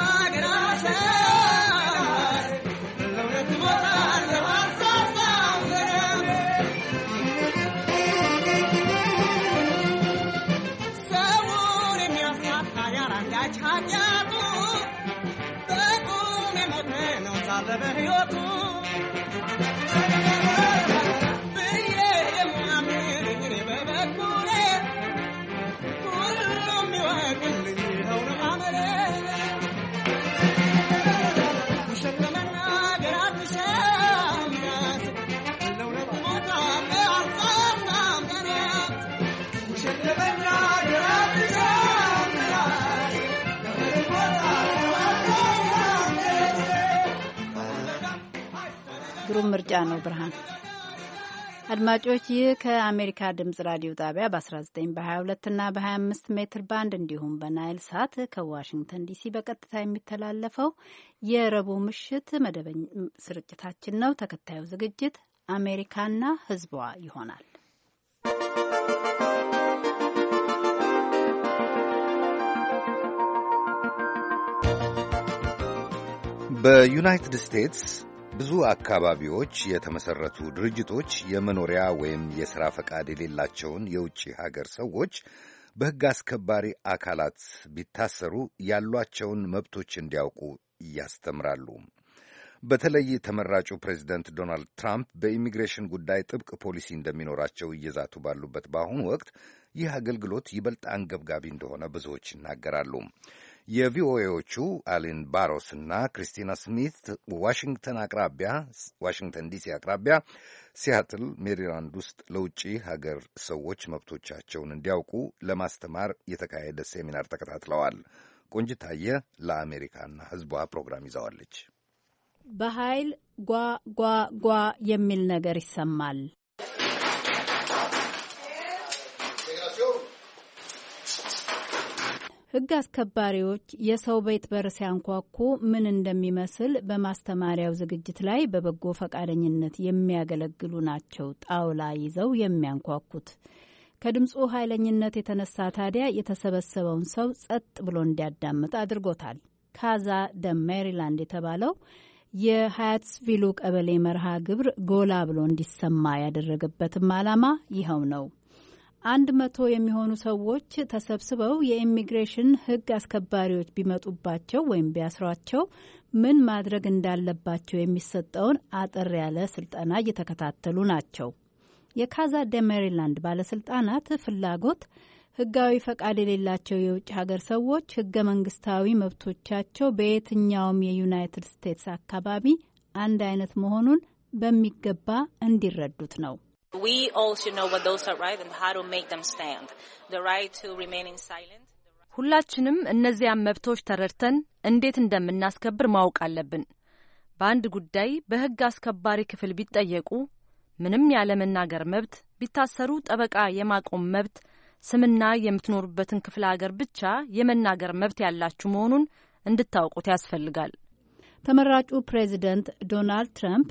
M: living your
A: ግሩም ምርጫ ነው ብርሃን። አድማጮች ይህ ከአሜሪካ ድምጽ ራዲዮ ጣቢያ በ19 በ22 ና በ25 ሜትር ባንድ እንዲሁም በናይል ሳት ከዋሽንግተን ዲሲ በቀጥታ የሚተላለፈው የረቡዕ ምሽት መደበኝ ስርጭታችን ነው። ተከታዩ ዝግጅት አሜሪካና ሕዝቧ ይሆናል።
B: በዩናይትድ ስቴትስ ብዙ አካባቢዎች የተመሠረቱ ድርጅቶች የመኖሪያ ወይም የሥራ ፈቃድ የሌላቸውን የውጭ ሀገር ሰዎች በሕግ አስከባሪ አካላት ቢታሰሩ ያሏቸውን መብቶች እንዲያውቁ ያስተምራሉ። በተለይ ተመራጩ ፕሬዚደንት ዶናልድ ትራምፕ በኢሚግሬሽን ጉዳይ ጥብቅ ፖሊሲ እንደሚኖራቸው እየዛቱ ባሉበት በአሁኑ ወቅት ይህ አገልግሎት ይበልጥ አንገብጋቢ እንደሆነ ብዙዎች ይናገራሉ። የቪኦኤዎቹ አሊን ባሮስ እና ክሪስቲና ስሚት ዋሽንግተን አቅራቢያ ዋሽንግተን ዲሲ አቅራቢያ ሲያትል ሜሪላንድ ውስጥ ለውጭ ሀገር ሰዎች መብቶቻቸውን እንዲያውቁ ለማስተማር የተካሄደ ሴሚናር ተከታትለዋል። ቆንጅታየ ለአሜሪካና ሕዝቧ ፕሮግራም ይዘዋለች።
A: በኃይል ጓ ጓ ጓ የሚል ነገር ይሰማል። ሕግ አስከባሪዎች የሰው ቤት በር ሲያንኳኩ ምን እንደሚመስል በማስተማሪያው ዝግጅት ላይ በበጎ ፈቃደኝነት የሚያገለግሉ ናቸው ጣውላ ይዘው የሚያንኳኩት። ከድምፁ ኃይለኝነት የተነሳ ታዲያ የተሰበሰበውን ሰው ጸጥ ብሎ እንዲያዳምጥ አድርጎታል። ካዛ ደ ሜሪላንድ የተባለው የሀያትስቪሉ ቀበሌ መርሃ ግብር ጎላ ብሎ እንዲሰማ ያደረገበትም ዓላማ ይኸው ነው። አንድ መቶ የሚሆኑ ሰዎች ተሰብስበው የኢሚግሬሽን ሕግ አስከባሪዎች ቢመጡባቸው ወይም ቢያስሯቸው ምን ማድረግ እንዳለባቸው የሚሰጠውን አጠር ያለ ስልጠና እየተከታተሉ ናቸው። የካዛ ደ ሜሪላንድ ባለስልጣናት ፍላጎት ህጋዊ ፈቃድ የሌላቸው የውጭ ሀገር ሰዎች ህገ መንግስታዊ መብቶቻቸው በየትኛውም የዩናይትድ ስቴትስ አካባቢ አንድ አይነት መሆኑን በሚገባ እንዲረዱት ነው። ሁላችንም እነዚያን መብቶች
N: ተረድተን እንዴት እንደምናስከብር ማወቅ አለብን። በአንድ ጉዳይ በሕግ አስከባሪ ክፍል ቢጠየቁ፣ ምንም ያለመናገር መብት፣ ቢታሰሩ ጠበቃ የማቆም መብት፣ ስምና የምትኖሩበትን ክፍለ አገር ብቻ የመናገር መብት ያላችሁ መሆኑን እንድታውቁት ያስፈልጋል።
A: ተመራጩ ፕሬዚደንት ዶናልድ ትራምፕ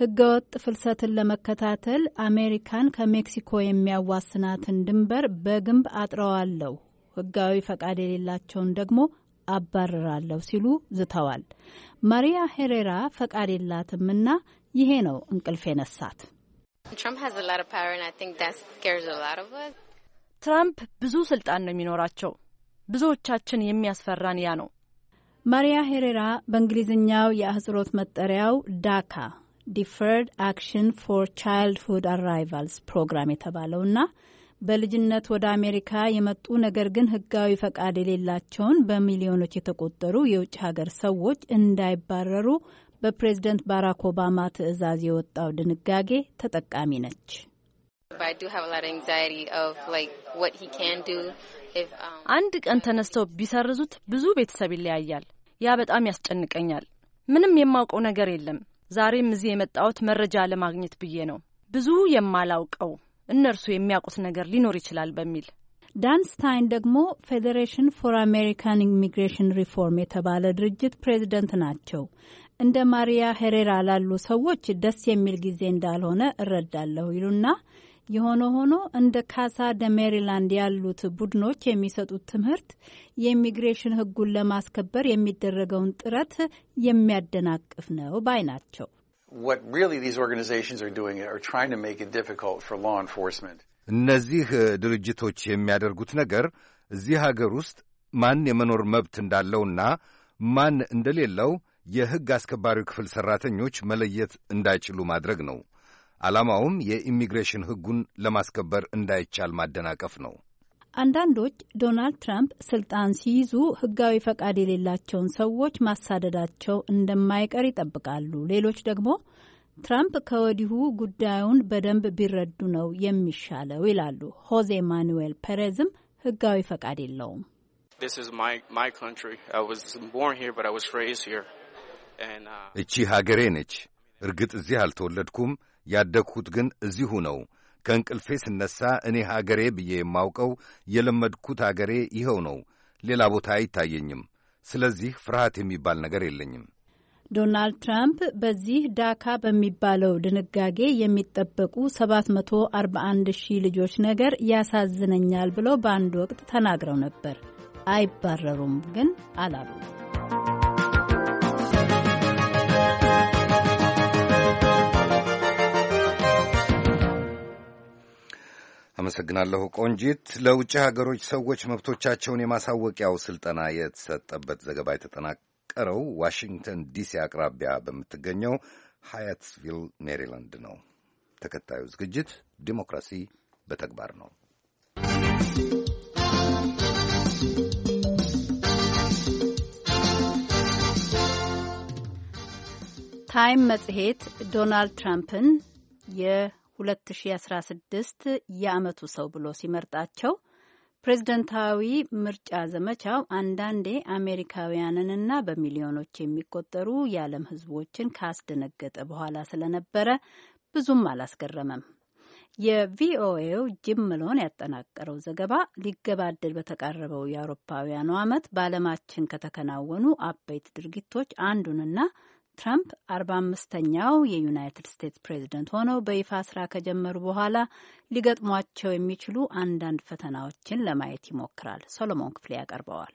A: ህገወጥ ፍልሰትን ለመከታተል አሜሪካን ከሜክሲኮ የሚያዋስናትን ድንበር በግንብ አጥረዋለሁ፣ ህጋዊ ፈቃድ የሌላቸውን ደግሞ አባርራለሁ ሲሉ ዝተዋል። ማሪያ ሄሬራ ፈቃድ እና ይሄ ነው እንቅልፍ የነሳት።
N: ትራምፕ ብዙ ስልጣን ነው የሚኖራቸው። ብዙዎቻችን የሚያስፈራን ያ ነው።
A: ማሪያ ሄሬራ በእንግሊዝኛው የአህጽሮት መጠሪያው ዳካ ዲፈርድ አክሽን ፎር ቻይልድሁድ አራይቫልስ ፕሮግራም የተባለውና በልጅነት ወደ አሜሪካ የመጡ ነገር ግን ሕጋዊ ፈቃድ የሌላቸውን በሚሊዮኖች የተቆጠሩ የውጭ ሀገር ሰዎች እንዳይባረሩ በፕሬዝደንት ባራክ ኦባማ ትዕዛዝ የወጣው ድንጋጌ ተጠቃሚ ነች። um, አንድ ቀን ተነስተው ቢሰርዙት ብዙ ቤተሰብ
N: ይለያያል። ያ በጣም ያስጨንቀኛል። ምንም የማውቀው ነገር የለም። ዛሬም እዚህ የመጣሁት መረጃ ለማግኘት ብዬ ነው። ብዙ የማላውቀው እነርሱ የሚያውቁት ነገር ሊኖር
A: ይችላል በሚል ዳንስታይን ደግሞ ፌዴሬሽን ፎር አሜሪካን ኢሚግሬሽን ሪፎርም የተባለ ድርጅት ፕሬዝደንት ናቸው። እንደ ማሪያ ሄሬራ ላሉ ሰዎች ደስ የሚል ጊዜ እንዳልሆነ እረዳለሁ ይሉና የሆነ ሆኖ እንደ ካሳ ደ ሜሪላንድ ያሉት ቡድኖች የሚሰጡት ትምህርት የኢሚግሬሽን ሕጉን ለማስከበር የሚደረገውን ጥረት የሚያደናቅፍ ነው ባይ ናቸው።
B: እነዚህ ድርጅቶች የሚያደርጉት ነገር እዚህ ሀገር ውስጥ ማን የመኖር መብት እንዳለውና ማን እንደሌለው የሕግ አስከባሪው ክፍል ሠራተኞች መለየት እንዳይችሉ ማድረግ ነው። ዓላማውም የኢሚግሬሽን ሕጉን ለማስከበር እንዳይቻል ማደናቀፍ ነው።
A: አንዳንዶች ዶናልድ ትራምፕ ስልጣን ሲይዙ ህጋዊ ፈቃድ የሌላቸውን ሰዎች ማሳደዳቸው እንደማይቀር ይጠብቃሉ። ሌሎች ደግሞ ትራምፕ ከወዲሁ ጉዳዩን በደንብ ቢረዱ ነው የሚሻለው ይላሉ። ሆዜ ማኑዌል ፔሬዝም ህጋዊ ፈቃድ የለውም።
H: uh,
B: እቺ ሀገሬ ነች። እርግጥ እዚህ አልተወለድኩም ያደግሁት ግን እዚሁ ነው። ከእንቅልፌ ስነሳ እኔ ሀገሬ ብዬ የማውቀው የለመድኩት ሀገሬ ይኸው ነው። ሌላ ቦታ አይታየኝም። ስለዚህ ፍርሃት የሚባል ነገር የለኝም።
A: ዶናልድ ትራምፕ በዚህ ዳካ በሚባለው ድንጋጌ የሚጠበቁ 741 ሺህ ልጆች ነገር ያሳዝነኛል ብለው በአንድ ወቅት ተናግረው ነበር። አይባረሩም ግን አላሉ።
B: አመሰግናለሁ ቆንጂት። ለውጭ ሀገሮች ሰዎች መብቶቻቸውን የማሳወቂያው ስልጠና የተሰጠበት ዘገባ የተጠናቀረው ዋሽንግተን ዲሲ አቅራቢያ በምትገኘው ሃያትስቪል ሜሪላንድ ነው። ተከታዩ ዝግጅት ዲሞክራሲ በተግባር ነው።
A: ታይም መጽሔት ዶናልድ ትራምፕን 2016 የአመቱ ሰው ብሎ ሲመርጣቸው ፕሬዝደንታዊ ምርጫ ዘመቻው አንዳንዴ አሜሪካውያንንና በሚሊዮኖች የሚቆጠሩ የዓለም ሕዝቦችን ካስደነገጠ በኋላ ስለነበረ ብዙም አላስገረመም። የቪኦኤው ጅም መሎን ያጠናቀረው ዘገባ ሊገባደድ በተቃረበው የአውሮፓውያኑ ዓመት በዓለማችን ከተከናወኑ አበይት ድርጊቶች አንዱንና ትራምፕ አርባ አምስተኛው የዩናይትድ ስቴትስ ፕሬዚደንት ሆነው በይፋ ስራ ከጀመሩ በኋላ ሊገጥሟቸው የሚችሉ አንዳንድ ፈተናዎችን ለማየት ይሞክራል። ሶሎሞን ክፍሌ ያቀርበዋል።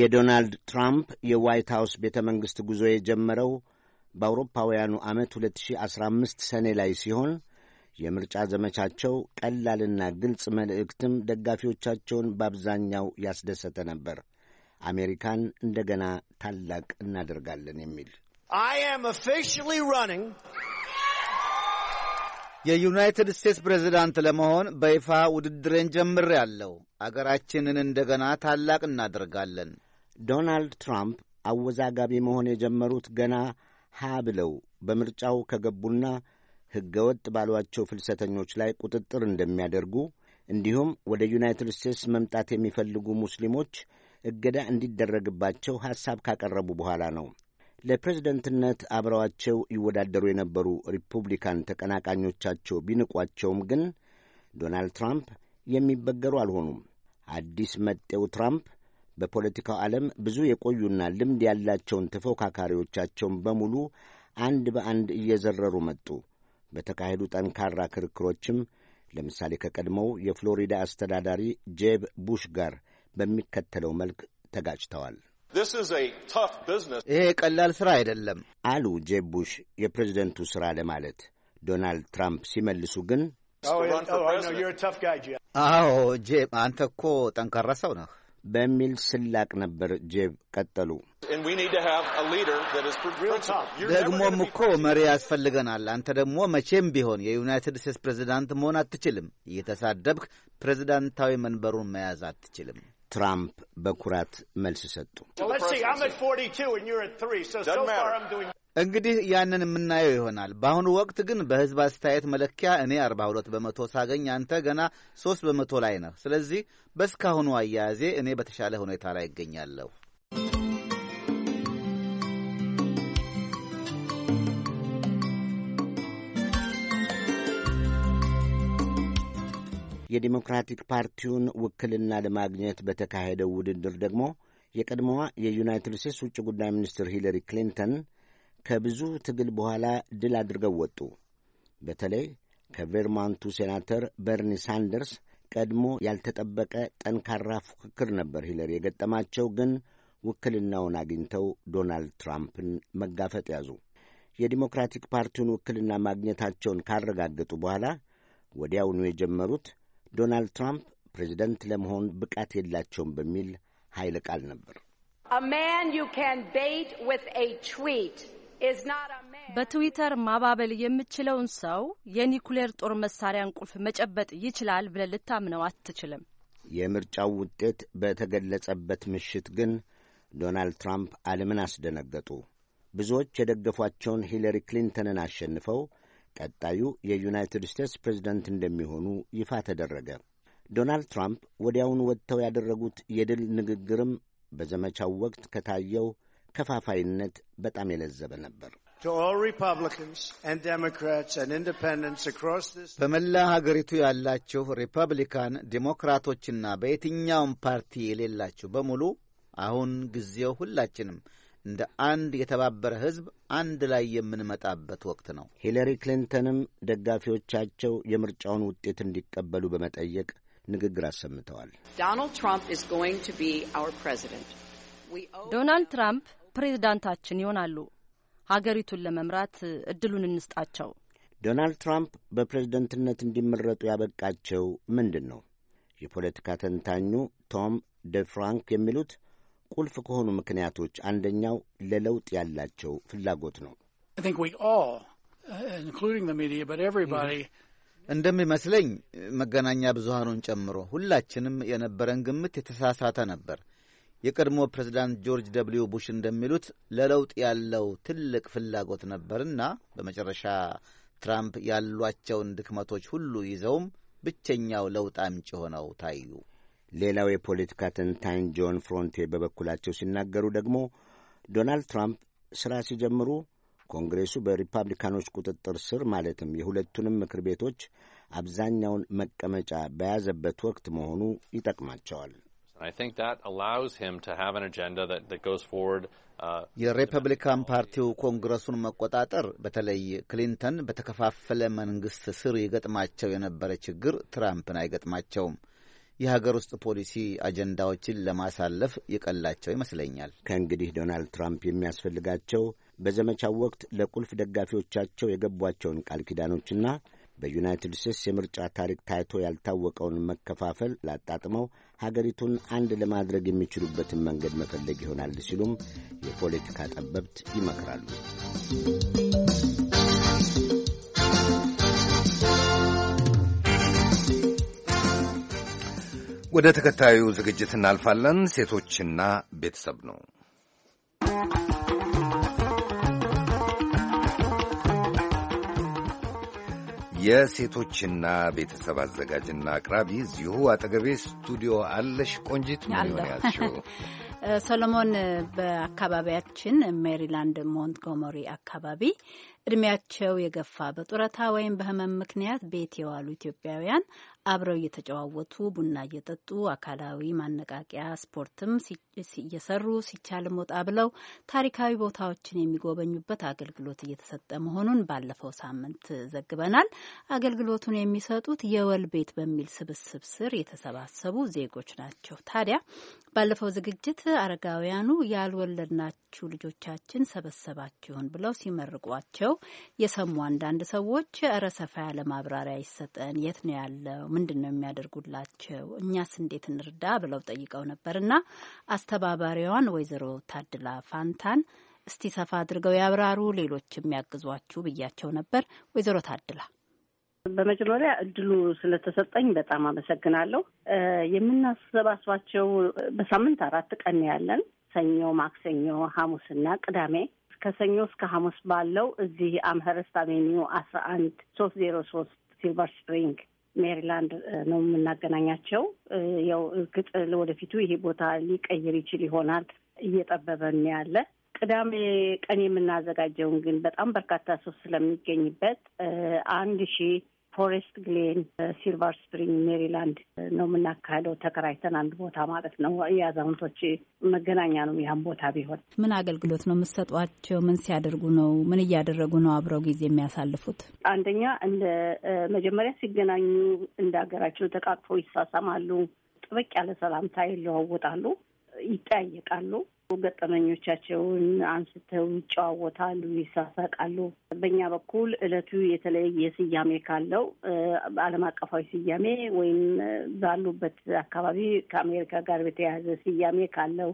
K: የዶናልድ ትራምፕ የዋይት ሀውስ ቤተ መንግሥት ጉዞ የጀመረው በአውሮፓውያኑ ዓመት 2015 ሰኔ ላይ ሲሆን የምርጫ ዘመቻቸው ቀላልና ግልጽ መልእክትም ደጋፊዎቻቸውን በአብዛኛው ያስደሰተ ነበር። አሜሪካን እንደገና ታላቅ እናደርጋለን የሚል
O: I am officially running የዩናይትድ ስቴትስ ፕሬዝዳንት ለመሆን በይፋ ውድድሬን ጀምሬያለሁ። አገራችንን እንደገና ታላቅ እናደርጋለን።
K: ዶናልድ ትራምፕ አወዛጋቢ መሆን የጀመሩት ገና ሀ ብለው በምርጫው ከገቡና ሕገ ወጥ ባሏቸው ፍልሰተኞች ላይ ቁጥጥር እንደሚያደርጉ እንዲሁም ወደ ዩናይትድ ስቴትስ መምጣት የሚፈልጉ ሙስሊሞች እገዳ እንዲደረግባቸው ሐሳብ ካቀረቡ በኋላ ነው። ለፕሬዝደንትነት አብረዋቸው ይወዳደሩ የነበሩ ሪፑብሊካን ተቀናቃኞቻቸው ቢንቋቸውም ግን ዶናልድ ትራምፕ የሚበገሩ አልሆኑም። አዲስ መጤው ትራምፕ በፖለቲካው ዓለም ብዙ የቆዩና ልምድ ያላቸውን ተፎካካሪዎቻቸውን በሙሉ አንድ በአንድ እየዘረሩ መጡ። በተካሄዱ ጠንካራ ክርክሮችም ለምሳሌ ከቀድሞው የፍሎሪዳ አስተዳዳሪ ጄብ ቡሽ ጋር በሚከተለው መልክ ተጋጭተዋል። ይሄ ቀላል ሥራ አይደለም አሉ ጄብ ቡሽ የፕሬዝደንቱ ሥራ ለማለት። ዶናልድ ትራምፕ ሲመልሱ ግን
P: oh, oh,
K: አዎ ጄብ አንተ እኮ ጠንካራ ሰው ነህ በሚል ስላቅ ነበር። ጄብ ቀጠሉ። ደግሞም እኮ መሪ ያስፈልገናል።
O: አንተ ደግሞ መቼም ቢሆን የዩናይትድ ስቴትስ ፕሬዚዳንት መሆን አትችልም። እየተሳደብክ ፕሬዚዳንታዊ መንበሩን መያዝ አትችልም።
K: ትራምፕ በኩራት መልስ ሰጡ።
O: እንግዲህ ያንን የምናየው ይሆናል። በአሁኑ ወቅት ግን በሕዝብ አስተያየት መለኪያ እኔ 42 በመቶ ሳገኝ አንተ ገና 3 በመቶ ላይ ነህ። ስለዚህ በእስካሁኑ አያያዜ እኔ በተሻለ ሁኔታ ላይ ይገኛለሁ።
K: የዲሞክራቲክ ፓርቲውን ውክልና ለማግኘት በተካሄደው ውድድር ደግሞ የቀድሞዋ የዩናይትድ ስቴትስ ውጭ ጉዳይ ሚኒስትር ሂለሪ ክሊንተን ከብዙ ትግል በኋላ ድል አድርገው ወጡ። በተለይ ከቬርማንቱ ሴናተር በርኒ ሳንደርስ ቀድሞ ያልተጠበቀ ጠንካራ ፉክክር ነበር ሂለሪ የገጠማቸው፣ ግን ውክልናውን አግኝተው ዶናልድ ትራምፕን መጋፈጥ ያዙ። የዲሞክራቲክ ፓርቲውን ውክልና ማግኘታቸውን ካረጋገጡ በኋላ ወዲያውኑ የጀመሩት ዶናልድ ትራምፕ ፕሬዚደንት ለመሆን ብቃት የላቸውም በሚል ኃይለ ቃል ነበር።
N: በትዊተር ማባበል የምችለውን ሰው የኒኩሌር ጦር መሳሪያን ቁልፍ መጨበጥ ይችላል ብለን ልታምነው አትችልም።
K: የምርጫው ውጤት በተገለጸበት ምሽት ግን ዶናልድ ትራምፕ ዓለምን አስደነገጡ። ብዙዎች የደገፏቸውን ሂለሪ ክሊንተንን አሸንፈው ቀጣዩ የዩናይትድ ስቴትስ ፕሬዝደንት እንደሚሆኑ ይፋ ተደረገ። ዶናልድ ትራምፕ ወዲያውን ወጥተው ያደረጉት የድል ንግግርም በዘመቻው ወቅት ከታየው ከፋፋይነት በጣም የለዘበ ነበር። በመላ ሀገሪቱ ያላችሁ ሪፐብሊካን፣
O: ዲሞክራቶችና በየትኛውም ፓርቲ የሌላችሁ በሙሉ አሁን ጊዜው ሁላችንም እንደ አንድ የተባበረ ሕዝብ አንድ ላይ የምንመጣበት ወቅት ነው።
K: ሂለሪ ክሊንተንም ደጋፊዎቻቸው የምርጫውን ውጤት እንዲቀበሉ በመጠየቅ ንግግር አሰምተዋል።
N: ዶናልድ ትራምፕ ፕሬዝዳንታችን ይሆናሉ። ሀገሪቱን ለመምራት እድሉን እንስጣቸው።
K: ዶናልድ ትራምፕ በፕሬዝደንትነት እንዲመረጡ ያበቃቸው ምንድን ነው? የፖለቲካ ተንታኙ ቶም ደፍራንክ የሚሉት ቁልፍ ከሆኑ ምክንያቶች አንደኛው ለለውጥ ያላቸው ፍላጎት ነው።
C: uh, mm-hmm.
O: እንደሚመስለኝ መገናኛ ብዙሃኑን ጨምሮ ሁላችንም የነበረን ግምት የተሳሳተ ነበር። የቀድሞ ፕሬዚዳንት ጆርጅ ደብልዩ ቡሽ እንደሚሉት ለለውጥ ያለው ትልቅ ፍላጎት ነበርና በመጨረሻ ትራምፕ ያሏቸውን ድክመቶች ሁሉ ይዘውም ብቸኛው ለውጥ አምጪ
K: ሆነው ታዩ። ሌላው የፖለቲካ ተንታኝ ጆን ፍሮንቴ በበኩላቸው ሲናገሩ ደግሞ ዶናልድ ትራምፕ ሥራ ሲጀምሩ ኮንግሬሱ በሪፐብሊካኖች ቁጥጥር ስር ማለትም የሁለቱንም ምክር ቤቶች አብዛኛውን መቀመጫ በያዘበት ወቅት መሆኑ ይጠቅማቸዋል።
F: uh,
O: የሪፐብሊካን ፓርቲው ኮንግረሱን መቆጣጠር በተለይ ክሊንተን በተከፋፈለ መንግሥት ስር ይገጥማቸው የነበረ ችግር ትራምፕን አይገጥማቸውም።
K: የሀገር ውስጥ ፖሊሲ አጀንዳዎችን ለማሳለፍ የቀላቸው ይመስለኛል። ከእንግዲህ ዶናልድ ትራምፕ የሚያስፈልጋቸው በዘመቻው ወቅት ለቁልፍ ደጋፊዎቻቸው የገቧቸውን ቃል ኪዳኖችና በዩናይትድ ስቴትስ የምርጫ ታሪክ ታይቶ ያልታወቀውን መከፋፈል ላጣጥመው ሀገሪቱን አንድ ለማድረግ የሚችሉበትን መንገድ መፈለግ ይሆናል ሲሉም የፖለቲካ ጠበብት ይመክራሉ።
B: ወደ ተከታዩ ዝግጅት እናልፋለን። ሴቶችና ቤተሰብ ነው። የሴቶችና ቤተሰብ አዘጋጅና አቅራቢ እዚሁ አጠገቤ ስቱዲዮ አለሽ። ቆንጂት
A: ሰሎሞን፣ በአካባቢያችን ሜሪላንድ ሞንትጎመሪ አካባቢ እድሜያቸው የገፋ በጡረታ ወይም በህመም ምክንያት ቤት የዋሉ ኢትዮጵያውያን አብረው እየተጨዋወቱ ቡና እየጠጡ አካላዊ ማነቃቂያ ስፖርትም እየሰሩ ሲቻልም ወጣ ብለው ታሪካዊ ቦታዎችን የሚጎበኙበት አገልግሎት እየተሰጠ መሆኑን ባለፈው ሳምንት ዘግበናል። አገልግሎቱን የሚሰጡት የወል ቤት በሚል ስብስብ ስር የተሰባሰቡ ዜጎች ናቸው። ታዲያ ባለፈው ዝግጅት አረጋውያኑ ያልወለድናችሁ ልጆቻችን ሰበሰባችሁን ብለው ሲመርቋቸው የሰሙ አንዳንድ ሰዎች እረ ሰፋ ያለ ማብራሪያ ይሰጠን፣ የት ነው ያለው፣ ምንድን ነው የሚያደርጉላቸው፣ እኛስ እንዴት እንርዳ ብለው ጠይቀው ነበርና አስተባባሪዋን ወይዘሮ ታድላ ፋንታን እስቲ ሰፋ አድርገው ያብራሩ፣ ሌሎች የሚያግዟችሁ ብያቸው ነበር።
G: ወይዘሮ ታድላ በመጀመሪያ እድሉ ስለተሰጠኝ በጣም አመሰግናለሁ። የምናሰባስባቸው በሳምንት አራት ቀን ያለን ሰኞ፣ ማክሰኞ፣ ሐሙስና ቅዳሜ ከሰኞ እስከ ሐሙስ ባለው እዚህ አምኸርስት አቬኒው አስራ አንድ ሶስት ዜሮ ሶስት ሲልቨር ስፕሪንግ ሜሪላንድ ነው የምናገናኛቸው። ያው እርግጥ ለወደፊቱ ይሄ ቦታ ሊቀይር ይችል ይሆናል እየጠበበን ያለ ቅዳሜ ቀን የምናዘጋጀውን ግን በጣም በርካታ ሰው ስለሚገኝበት አንድ ሺህ ፎሬስት ግሌን ሲልቨር ስፕሪንግ ሜሪላንድ ነው የምናካሄደው። ተከራይተን አንድ ቦታ ማለት ነው። የአዛውንቶች መገናኛ ነው። ያን ቦታ ቢሆን
A: ምን አገልግሎት ነው የምትሰጧቸው? ምን ሲያደርጉ ነው? ምን እያደረጉ ነው አብረው ጊዜ የሚያሳልፉት?
G: አንደኛ እንደ መጀመሪያ ሲገናኙ እንደ ሀገራቸው ተቃቅፎ ይሳሳማሉ። ጥበቅ ያለ ሰላምታ ይለዋወጣሉ፣ ይጠያየቃሉ። ገጠመኞቻቸውን አንስተው ይጨዋወታሉ፣ ይሳሳቃሉ። በእኛ በኩል እለቱ የተለየ ስያሜ ካለው ዓለም አቀፋዊ ስያሜ ወይም ባሉበት አካባቢ ከአሜሪካ ጋር በተያያዘ ስያሜ ካለው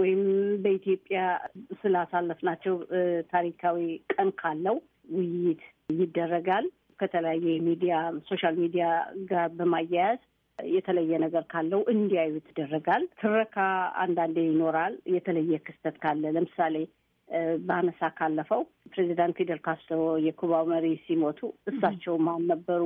G: ወይም በኢትዮጵያ ስላሳለፍናቸው ታሪካዊ ቀን ካለው ውይይት ይደረጋል። ከተለያየ ሚዲያ ሶሻል ሚዲያ ጋር በማያያዝ የተለየ ነገር ካለው እንዲያዩ ይደረጋል። ትረካ አንዳንዴ ይኖራል። የተለየ ክስተት ካለ ለምሳሌ በአነሳ ካለፈው ፕሬዚዳንት ፊደል ካስትሮ የኩባው መሪ ሲሞቱ እሳቸው ማን ነበሩ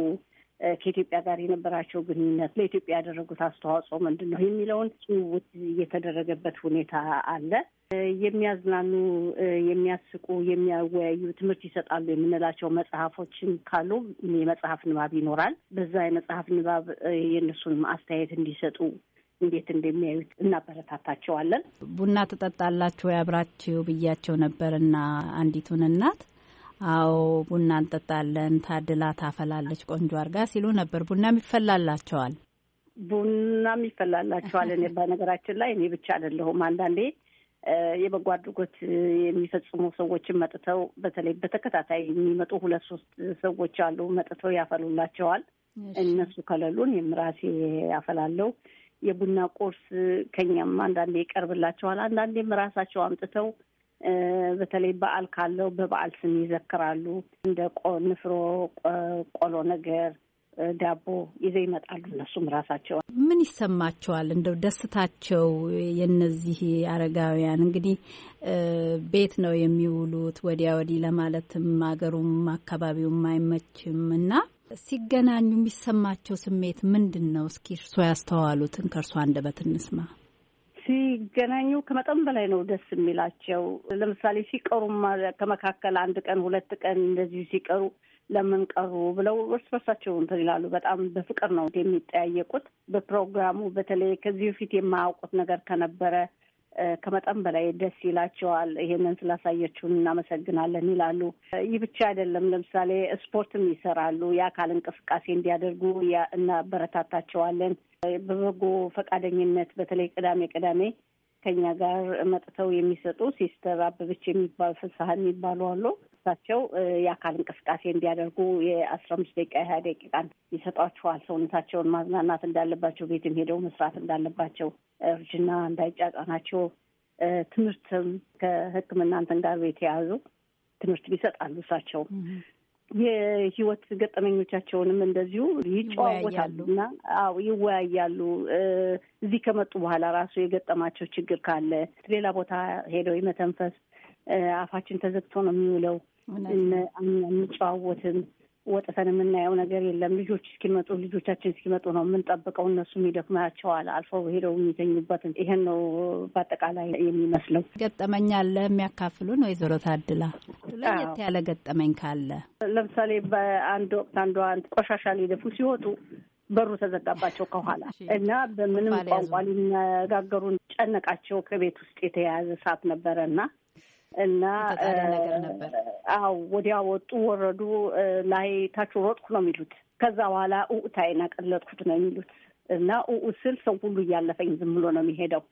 G: ከኢትዮጵያ ጋር የነበራቸው ግንኙነት፣ ለኢትዮጵያ ያደረጉት አስተዋጽኦ ምንድን ነው የሚለውን ጭውውት እየተደረገበት ሁኔታ አለ። የሚያዝናኑ፣ የሚያስቁ፣ የሚያወያዩ ትምህርት ይሰጣሉ የምንላቸው መጽሐፎችን ካሉ የመጽሐፍ ንባብ ይኖራል። በዛ የመጽሐፍ ንባብ የእነሱንም አስተያየት እንዲሰጡ እንዴት እንደሚያዩት እናበረታታቸዋለን።
A: ቡና ትጠጣላችሁ አብራችሁ ብያቸው ነበርና አንዲቱን እናት አዎ ቡና እንጠጣለን፣ ታድላ ታፈላለች ቆንጆ አርጋ ሲሉ ነበር። ቡናም ይፈላላቸዋል፣
G: ቡናም ይፈላላቸዋል። እኔ በነገራችን ላይ እኔ ብቻ አይደለሁም። አንዳንዴ የበጎ አድርጎት የሚፈጽሙ ሰዎችን መጥተው በተለይ በተከታታይ የሚመጡ ሁለት ሶስት ሰዎች አሉ። መጥተው ያፈሉላቸዋል። እነሱ ከሌሉን የምራሴ ያፈላለው የቡና ቁርስ ከኛም አንዳንዴ ይቀርብላቸዋል። አንዳንዴም ራሳቸው አምጥተው በተለይ በዓል ካለው በበዓል ስም ይዘክራሉ። እንደ ንፍሮ፣ ቆሎ ነገር ዳቦ ይዘው ይመጣሉ። እነሱም ራሳቸው
A: ምን ይሰማቸዋል? እንደው ደስታቸው የነዚህ አረጋውያን እንግዲህ ቤት ነው የሚውሉት፣ ወዲያ ወዲህ ለማለትም አገሩም አካባቢውም አይመችም እና ሲገናኙ የሚሰማቸው ስሜት ምንድን ነው? እስኪ እርሶ ያስተዋሉትን ከእርሶ አንደበት እንስማ።
G: ሲገናኙ ከመጠን በላይ ነው ደስ የሚላቸው። ለምሳሌ ሲቀሩ ከመካከል አንድ ቀን ሁለት ቀን እንደዚሁ ሲቀሩ ለምን ቀሩ ብለው እርስ በርሳቸው እንትን ይላሉ። በጣም በፍቅር ነው የሚጠያየቁት። በፕሮግራሙ በተለይ ከዚህ በፊት የማያውቁት ነገር ከነበረ ከመጠን በላይ ደስ ይላቸዋል። ይሄንን ስላሳየችውን እናመሰግናለን ይላሉ። ይህ ብቻ አይደለም። ለምሳሌ ስፖርትም ይሰራሉ። የአካል እንቅስቃሴ እንዲያደርጉ እናበረታታቸዋለን። በበጎ ፈቃደኝነት በተለይ ቅዳሜ ቅዳሜ ከኛ ጋር መጥተው የሚሰጡ ሲስተር አበበች የሚባሉ ፍስሀ የሚባሉ አሉ እሳቸው የአካል እንቅስቃሴ እንዲያደርጉ የአስራ አምስት ደቂቃ የሀያ ደቂቃን ይሰጧቸዋል። ሰውነታቸውን ማዝናናት እንዳለባቸው፣ ቤትም ሄደው መስራት እንዳለባቸው፣ እርጅና እንዳይጫጫናቸው ትምህርትም ከሕክምና እንትን ጋር የተያያዙ ትምህርት ይሰጣሉ። እሳቸው የህይወት ገጠመኞቻቸውንም እንደዚሁ ይጨዋወታሉ እና አዎ ይወያያሉ። እዚህ ከመጡ በኋላ ራሱ የገጠማቸው ችግር ካለ ሌላ ቦታ ሄደው የመተንፈስ አፋችን ተዘግቶ ነው የሚውለው አንጨዋወትም፣ ወጥተን የምናየው ነገር የለም። ልጆች እስኪመጡ ልጆቻችን እስኪመጡ ነው የምንጠብቀው። እነሱ ይደክማቸዋል፣ አልፈው ሄደው የሚገኙበትን ይሄን ነው በአጠቃላይ የሚመስለው። ገጠመኝ
A: አለ የሚያካፍሉን ወይዘሮ ታድላ
G: ለየት ያለ ገጠመኝ ካለ ለምሳሌ በአንድ ወቅት አንዷ ቆሻሻ ሊደፉ ሲወጡ በሩ ተዘጋባቸው ከኋላ እና በምንም ቋንቋ ሊነጋገሩን ጨነቃቸው። ከቤት ውስጥ የተያያዘ ሰዓት ነበረ እና እና አዎ ወዲያ ወጡ ወረዱ፣ ላይ ታች ወረድኩ ነው የሚሉት። ከዛ በኋላ ኡኡታይን ቀለጥኩት ነው የሚሉት። እና ኡኡ ስል ሰው ሁሉ እያለፈኝ ዝም ብሎ ነው የሚሄደው።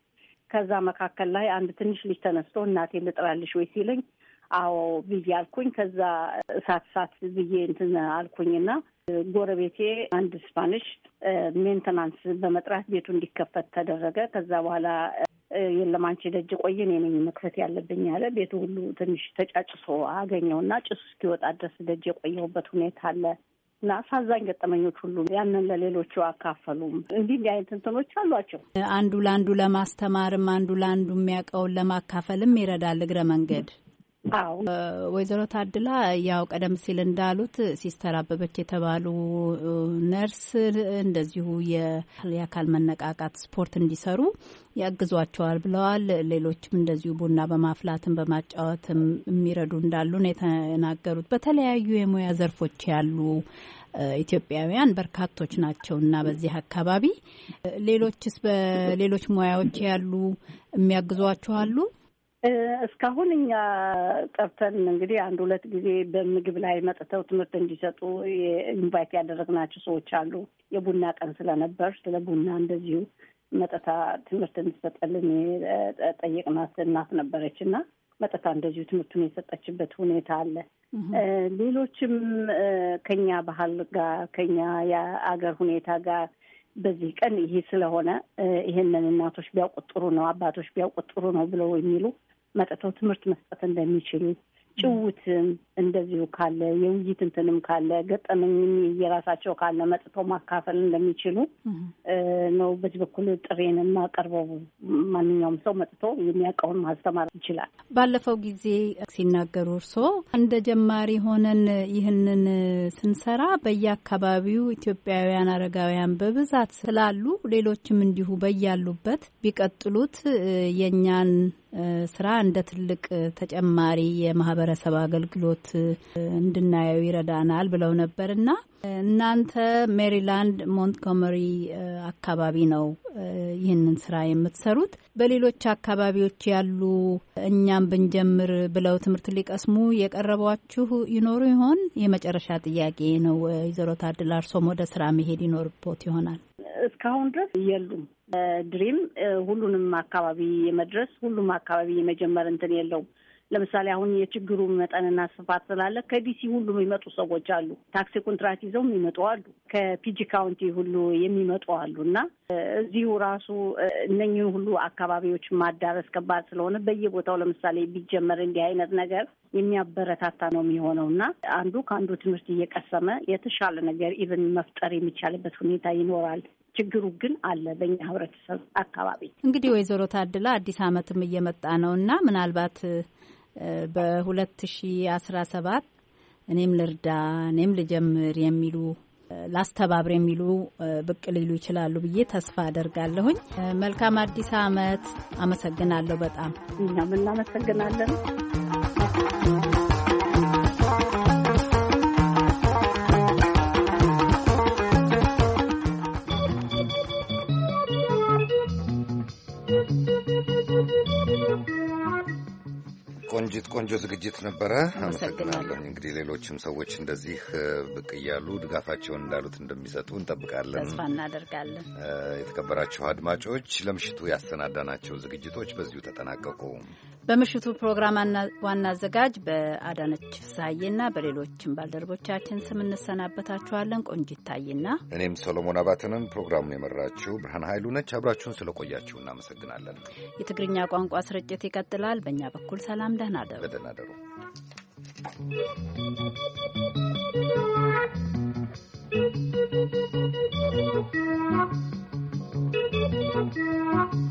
G: ከዛ መካከል ላይ አንድ ትንሽ ልጅ ተነስቶ እናቴ ልጥራልሽ ወይ ሲለኝ አዎ ብዬ አልኩኝ። ከዛ እሳት እሳት ብዬ እንትን አልኩኝና ጎረቤቴ አንድ ስፓንሽ ሜንተናንስ በመጥራት ቤቱ እንዲከፈት ተደረገ። ከዛ በኋላ የለም አንቺ ደጅ ቆይ እኔ ነኝ መክፈት ያለብኝ ያለ ቤቱ ሁሉ ትንሽ ተጫጭሶ አገኘው እና ጭሱ እስኪወጣ ድረስ ደጅ የቆየሁበት ሁኔታ አለ እና አሳዛኝ ገጠመኞች ሁሉ ያንን ለሌሎቹ አካፈሉም። እንዲህ እንዲህ አይነት እንትኖች አሏቸው።
A: አንዱ ለአንዱ ለማስተማርም አንዱ ለአንዱ የሚያውቀውን ለማካፈልም ይረዳል እግረ መንገድ አዎ ወይዘሮ ታድላ ያው ቀደም ሲል እንዳሉት ሲስተር አበበች የተባሉ ነርስ እንደዚሁ የአካል መነቃቃት ስፖርት እንዲሰሩ ያግዟቸዋል ብለዋል። ሌሎችም እንደዚሁ ቡና በማፍላትም በማጫወትም የሚረዱ እንዳሉ ነው የተናገሩት። በተለያዩ የሙያ ዘርፎች ያሉ ኢትዮጵያውያን በርካቶች ናቸው እና በዚህ አካባቢ ሌሎችስ በሌሎች ሙያዎች ያሉ የሚያግዟችኋሉ?
G: እስካሁን እኛ ጠርተን እንግዲህ አንድ ሁለት ጊዜ በምግብ ላይ መጥተው ትምህርት እንዲሰጡ ኢንቫይት ያደረግናቸው ሰዎች አሉ። የቡና ቀን ስለነበር ስለ ቡና እንደዚሁ መጠታ ትምህርት እንዲሰጠልን ጠየቅናት እናት ነበረች እና መጠታ እንደዚሁ ትምህርቱን የሰጠችበት ሁኔታ አለ። ሌሎችም ከኛ ባህል ጋር ከኛ የአገር ሁኔታ ጋር በዚህ ቀን ይህ ስለሆነ ይህንን እናቶች ቢያውቁት ጥሩ ነው፣ አባቶች ቢያውቁት ጥሩ ነው ብለው የሚሉ መጥተው ትምህርት መስጠት እንደሚችሉ ጭውትም እንደዚሁ ካለ የውይይት እንትንም ካለ ገጠመኝም የራሳቸው ካለ መጥቶ ማካፈል እንደሚችሉ ነው። በዚህ በኩል ጥሬን የማቀርበው ማንኛውም ሰው መጥቶ የሚያውቀውን ማስተማር ይችላል።
A: ባለፈው ጊዜ ሲናገሩ እርስዎ እንደ ጀማሪ ሆነን ይህንን ስንሰራ በየአካባቢው ኢትዮጵያውያን አረጋውያን በብዛት ስላሉ ሌሎችም እንዲሁ በያሉበት ቢቀጥሉት የእኛን ስራ እንደ ትልቅ ተጨማሪ የማህበረሰብ አገልግሎት እንድናየው ይረዳናል ብለው ነበር እና እናንተ ሜሪላንድ ሞንትጎመሪ አካባቢ ነው ይህንን ስራ የምትሰሩት። በሌሎች አካባቢዎች ያሉ እኛም ብንጀምር ብለው ትምህርት ሊቀስሙ የቀረቧችሁ ይኖሩ ይሆን? የመጨረሻ ጥያቄ ነው። ወይዘሮ ታድል አርሶም ወደ ስራ መሄድ ይኖርቦት ይሆናል።
G: እስካሁን ድረስ የሉም። ድሪም ሁሉንም አካባቢ የመድረስ ሁሉም አካባቢ የመጀመር እንትን የለውም። ለምሳሌ አሁን የችግሩ መጠንና ስፋት ስላለ ከዲሲ ሁሉ የሚመጡ ሰዎች አሉ። ታክሲ ኮንትራት ይዘው የሚመጡ አሉ። ከፒጂ ካውንቲ ሁሉ የሚመጡ አሉ እና እዚሁ ራሱ እነኝህን ሁሉ አካባቢዎች ማዳረስ ከባድ ስለሆነ በየቦታው ለምሳሌ ቢጀመር እንዲህ አይነት ነገር የሚያበረታታ ነው የሚሆነው እና አንዱ ከአንዱ ትምህርት እየቀሰመ የተሻለ ነገር ኢቨን መፍጠር የሚቻልበት ሁኔታ ይኖራል። ችግሩ ግን አለ በእኛ ህብረተሰብ አካባቢ።
A: እንግዲህ ወይዘሮ ታድላ አዲስ ዓመትም እየመጣ ነው እና ምናልባት በ2017 እኔም ልርዳ፣ እኔም ልጀምር የሚሉ ላስተባብር የሚሉ ብቅ ሊሉ ይችላሉ ብዬ ተስፋ አደርጋለሁኝ። መልካም አዲስ ዓመት። አመሰግናለሁ በጣም እኛም
G: እናመሰግናለን።
B: ቆንጂት፣ ቆንጆ ዝግጅት ነበረ። አመሰግናለሁ። እንግዲህ ሌሎችም ሰዎች እንደዚህ ብቅ እያሉ ድጋፋቸውን እንዳሉት እንደሚሰጡ እንጠብቃለን፣ ተስፋ
A: እናደርጋለን።
B: የተከበራችሁ አድማጮች፣ ለምሽቱ ያሰናዳናቸው ዝግጅቶች በዚሁ ተጠናቀቁ።
A: በምሽቱ ፕሮግራም ዋና አዘጋጅ በአዳነች ና በሌሎችም ባልደረቦቻችን ስም እንሰናበታችኋለን። ቆንጂት ታይና
B: እኔም ሰሎሞን አባትንን ፕሮግራሙን የመራችው ብርሃን ኃይሉ ነች። አብራችሁን ስለቆያችሁ እናመሰግናለን።
A: የትግርኛ ቋንቋ ስርጭት ይቀጥላል። በእኛ በኩል ሰላም፣ ደህና ደሩ፣ ደህና
P: ደሩ።